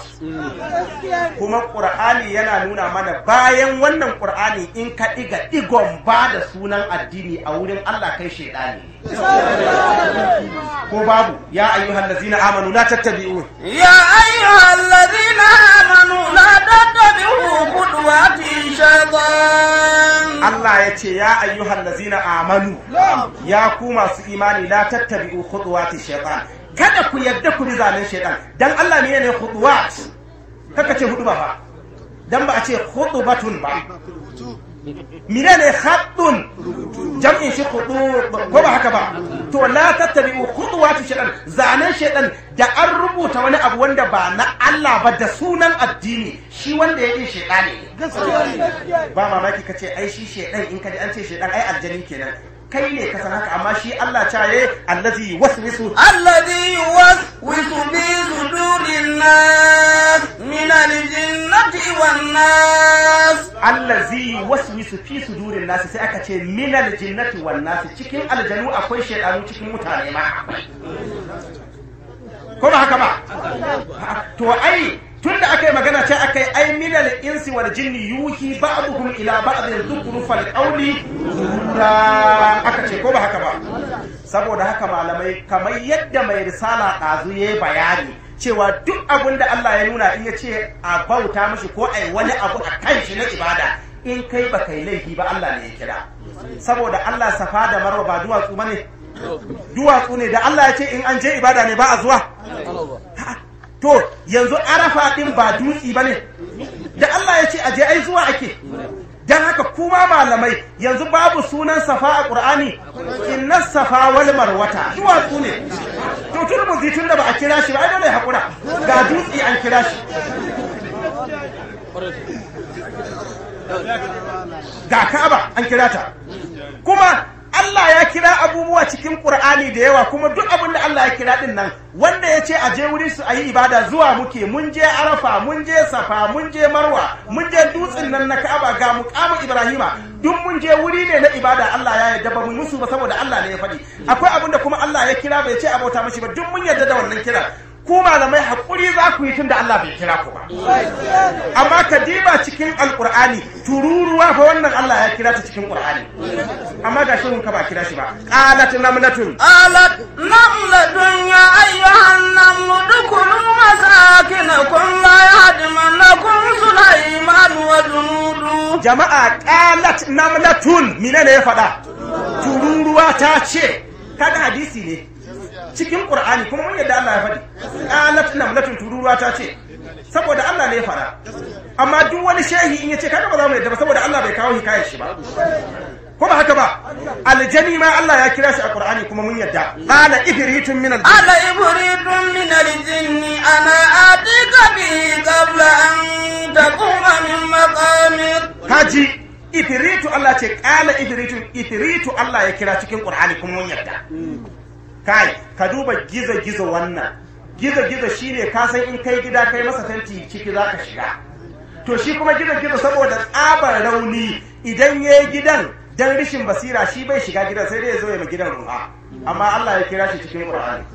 kuma ƙur'ani yana nuna mana bayan wannan ƙur'ani in ka ɗiga ɗigon ba da sunan addini a wurin allah kai shaiɗa ne ko babu ya ayyuhal ladzina amanu la tattabi'u ya ayyuhal ladzina amanu la tattabi'u khudwati shaytan Allah ya ce ya ayyuhal ladzina amanu ya ku masu imani la tattabi'u khudwati shaytan kada ku yadda ku bi zanen shaytan dan Allah ne ne khudwat kaka ce hudu ba dan ba a ce khudbatun ba mine ne haɗin jam'in shi hudu ko ba haka ba to na tattabi hudu wato shaɗan zanen shaɗan da an rubuta wani abu wanda ba na Allah ba da sunan addini shi wanda ya yi shaɗa ne ba mamaki ka ce ai shi shaɗan in ka ji an ce shaɗan ai aljani kenan kai ne ka san haka amma shi Allah ta yi allazi waswisu allazi waswisu bi sudurin nas min aljinnati wan nas allazi waswisu fi sudurin nas sai aka ce min aljinnati wan nas cikin aljanu akwai shedanu cikin mutane ma ko ba haka ba to ai tunda aka yi magana ce aka yi ai minal insi wal jinni yuhi ba'duhum ila ba'din zukrufal qawli zura aka ce ko ba haka ba saboda haka malamai kamar yadda mai risala dazu ya bayani cewa duk abun da Allah ya nuna in ya ce a bauta mashi ko ai wani abu a kan shi na ibada in kai ba kai laifi ba Allah ne ya kira saboda Allah safa da marwa ba duwatsu ne duwatsu ne da Allah ya ce in an je ibada ne ba a zuwa to yanzu arafa din ba dutsi ba ne da Allah ya ce a je ai zuwa ake dan haka kuma malamai yanzu babu sunan safa a qur'ani inna safa wal marwata duwatsu ne to tun mu tun da ba a kira shi ba ai dole hakura ga dutsi an kira shi ga ka'aba an kira ta kuma Allah ya kira abubuwa cikin Qur'ani da yawa kuma duk abin da Allah ya kira din nan wanda ya ce a je wurin su ayi ibada zuwa muke mun je Arafa mun je Safa mun je Marwa mun je dutsen nan na Ka'aba ga muqamu Ibrahima duk mun je wuri ne na ibada Allah ya yarda ba mu musu ba saboda Allah ne ya faɗi akwai abin da kuma Allah ya kira bai ce abota mashi ba duk mun yarda da wannan kira ku malamai hakuri za ku yi tun da Allah bai kira ku ba. Amma ka cikin Alƙur'ani tururuwa fa wannan Allah ya kira ta cikin Ƙur'ani. Amma ga shirin ka ba kira shi ba. Qalat namlatun. Alat namlatun ya ayyuhan namlu dukulu masakinakum la yahdimannakum Sulaiman wa dunudu. Jama'a qalat namlatun menene ya faɗa? Tururuwa ta ce kada hadisi ne cikin qur'ani kuma mun yadda Allah ya faɗi qalat latin tururuwa ta ce saboda Allah ne ya fara amma duk wani shehi in yace kada ba za mu yadda ba saboda Allah bai kawo hikaya shi ba ko ba haka ba aljani ma Allah ya kira shi a Qur'ani kuma mun yadda ala ibritun min aljin ala ibritun min aljin ana atika bi qabla an taquma min maqamik kaji ifritu Allah ce qala ifritun ifritu Allah ya kira cikin Qur'ani kuma mun yadda kai ka duba gizo-gizo wannan gizo-gizo shine ka san in kai gida kai masa fenti ciki za ka shiga to shi kuma gizo-gizo saboda tsabar rauni idan ya yi gidan dan rishin basira shi bai shiga gidan sai dai ya zo ya gidan ruha amma Allah ya kira shi cikin Qur'ani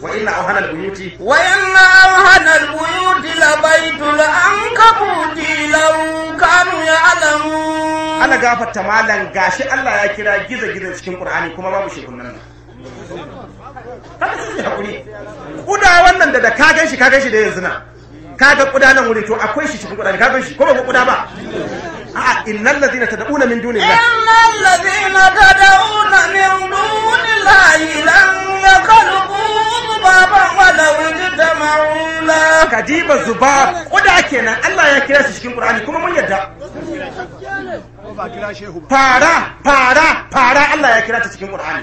wa inna awhana al-buyuti wa inna awhana al-buyuti la baytul ankabuti law kanu ya'lamun ana gafarta malan gashi Allah ya kira gizo-gizo cikin Qur'ani kuma babu shekunan nan haka sai hakuri kuda wannan da ka gan shi ka gan shi da yanzu na ka ga kuda nan wuri to akwai shi cikin kuda ka gan shi ko ba ku kuda ba a'a innal ladina tad'una min dunillahi innal ladina tad'una min dunillahi lan yakhluqu zubaban wa law yajma'u la kadiba zubab kuda kenan Allah ya kira su cikin Qur'ani kuma mun yarda ba kira shehu ba fara fara fara Allah ya kira ta cikin Qur'ani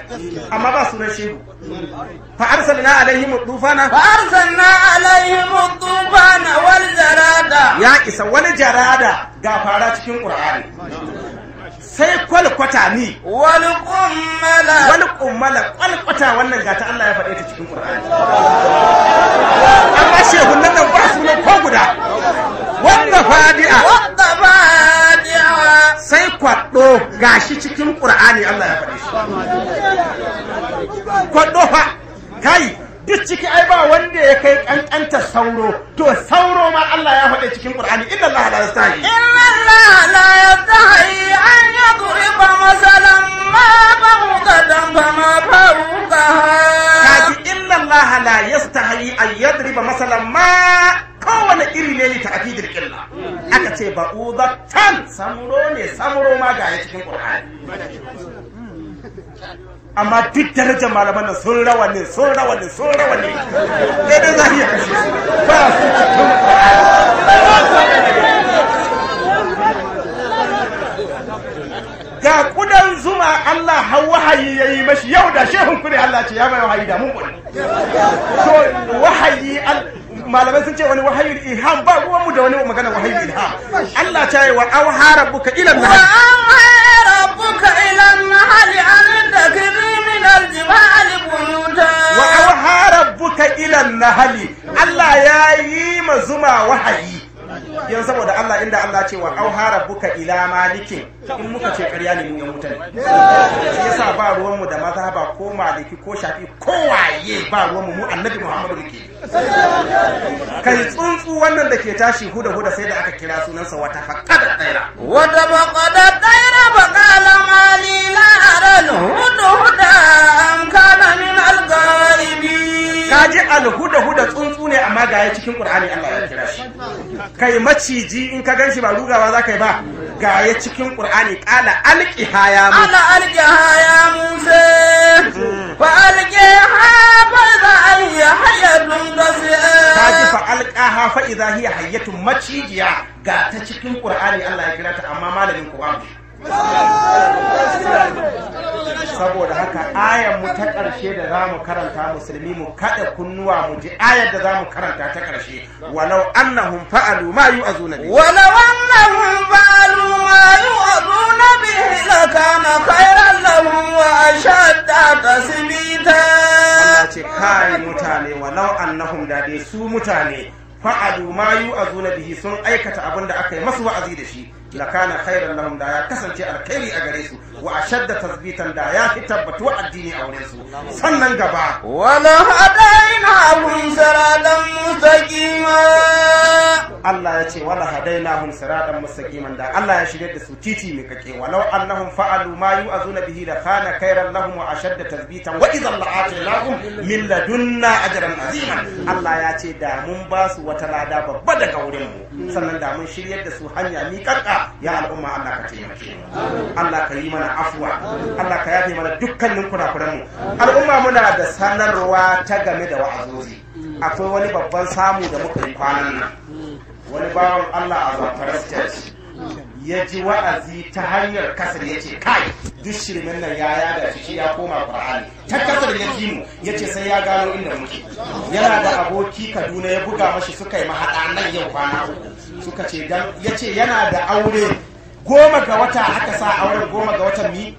amma ba sunan shehu fa arsalna alaihim tufana fa arsalna alaihim tufana wal jarada ya isa wani jarada ga fara cikin Qur'ani sai kwalkwata ni wal kummala wal kummala kwalkwata wannan gata Allah ya faɗe ta cikin Qur'ani amma shehu nan ba sunan ko guda wanda fadi'a wanda ba sai kwaɗo shi cikin ƙura'ani Allah ya faɗi shi kwaɗo fa kai duk ciki ai ba wanda ya kai kankanta sauro to sauro ma Allah ya faɗi cikin Qur'ani inna Allah la yastahi inna Allah la yastahi an yadriba masalan ma ba'udatan fama fawqaha kaji inna Allah la yastahi an yadriba masalan ma kowane iri ne ni ta'fidil illa aka ce tan samuro ne samuro ma ga cikin ƙur'ani amma duk darajar malaman nan sun rawa ne sun rawa ne sun rawa ne ɗaya dai za iya kashe su ba su cikin ga kudan zuma Allah wahayi ya yi mashi yau da shehun kure Allah ce ya bai wahayi da mun kuri to wahayi malamai sun ce wani wahayin ilham ba ruwan mu da wani magana wahayin ilham Allah ta yi wa aw harabuka ila wa an takri min aljibal wa aw harabuka ila hali Allah ya yi ma zuma wahayi yan saboda Allah inda Allah ce wa auha rabbuka ila malikin in muka ce ƙarya ne mun yan mutane yasa ba ruwan mu da maza ba ko maliki ko shafi ko waye ba ruwan mu mu annabi Muhammadu ke kai tsuntsu wannan da ke tashi huda huda sai da aka kira sunansa wata faqada tsaira wata faqada tsaira ba qala mali la aranu hudu ka ji alhuda huda tsuntsu ne amma ga ya cikin qur'ani Allah ya kira shi kai maciji in ka ganshi ba rugawa za kai ba ga ya cikin qur'ani qala haya mu ana ala haya mu musa hmm. fa ha fa idha hiya hayatun tasi'a ka ji fa ha fa idha hiya hayatun macijiya ga ta cikin qur'ani Allah ya kira ta amma malamin ku saboda haka ayan mu ta ƙarshe da za mu karanta musulmi mu kaɗa kunnuwa mu ji ayar da za mu karanta ta ƙarshe walau annahum fa'alu ma yu'azuna bihi walau annahum fa'alu ma nabi bihi kana khairan lahum wa ashadda tasbita ce kai mutane walau annahum da dai su mutane fa'alu ma yu'azuna bihi sun aikata abin da aka yi masu wa'azi da shi lakana khairan lahum da ya kasance alkhairi a gare su wa ashadda tasbitan da ya fi tabbatu addini a wurin su sannan gaba wa la hadaina hum siratan mustaqima Allah ya ce wa hadaina hum siratan mustaqiman da Allah ya shirye da su titi mai kake walau annahum fa'alu ma yu'azuna bihi la kana khairan lahum wa ashadda tasbitan wa idhan la'atainahum min ladunna ajran aziman Allah ya ce da mun ba su wata lada babba daga wurin mu sannan da mun shiryar da su hanya mi ya al'umma Allah ka taimake mu Allah ka yi mana afuwa Allah ka yafe mana dukkanin kurakuran mu al'umma muna da sanarwa ta game da wa'azozi akwai wani babban samu da muka yi kwanan nan wani bawan Allah a Zamfara state ya ji wa'azi ta hanyar kasar ya ce kai duk shirmin nan ya yada shi ya koma qur'ani ta kasar ya ji mu ya ce sai ya gano inda muke yana da aboki kaduna ya buga mashi suka yi mahaɗa nan yau kwana uku suka ce ya ce yana da aure goma ga wata aka sa aure goma ga watan mi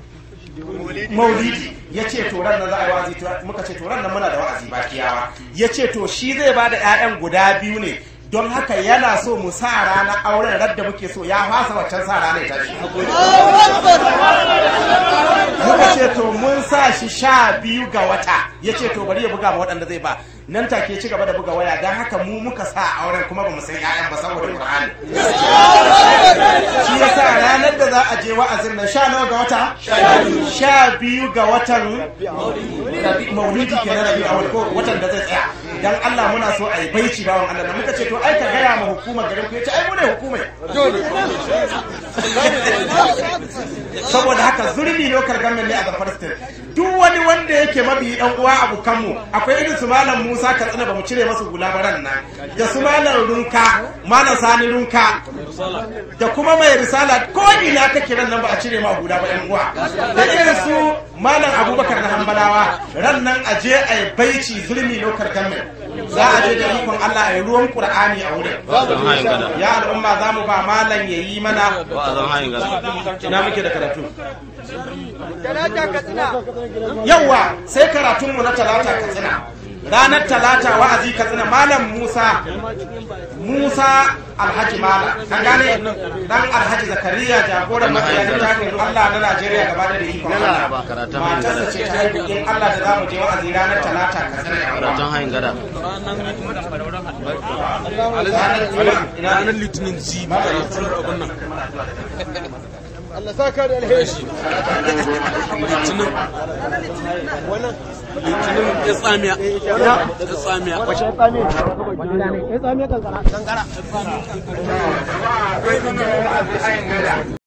maulidi ya ce toran na za a wazi muka ce toran na muna da wa'azi ba kiyawa ya ce to shi zai ba da 'ya'yan guda biyu ne don haka yana so mu sa rana auren radda muke so ya fasa waccan sa rana ta shi muka ce to mun sa shi sha biyu ga wata ya ce to bari ya buga ma waɗanda zai ba nan take ci gaba da buga waya don haka mu muka sa a auren kuma ba mu san ƴaƴan ba saboda Qur'ani shi yasa ranar da za a je wa'azin nan sha nawa ga wata sha biyu ga watan maulidi kenan rabi awal ko watan da zai tsaya dan Allah muna so a yi baici bawan Allah muka ce to ai ka gaya ma hukumar garin ku ce ai mu ne hukumai saboda haka zurmi lokal gamin ne a Zamfara duk wani wanda yake mabiyi dan uwa abokan akwai irin su malam musa katsina ba mu cire masu hula baran nan da su malam runka malam sani runka da kuma mai risala ko ina ka kiran nan ba a cire ma hula ba yan uwa da irin su malam abubakar na hambalawa ran nan a je a baici zulmi lokar gamin za a je da ikon Allah ya ruwan Qur'ani a wurin ya al'umma za mu ba malam ya yi mana ina muke da karatu yawa sai karatunmu na talata katsina ranar talata wa'azi ka tsina malam musa musa alhaji mala an gane dan alhaji zakariya jagoran makiyayin jami'in allah na najeriya gaba da da ikon allah matarsa ce ta yi in allah da zamu je wa'azi ranar talata ka tsina karatun hain gada ranar litinin ji ba Allah saka da alheri litinin wannan litinin eh, ya tsamiya ya tsamiya tsamiya ya tsamiya kankara kankara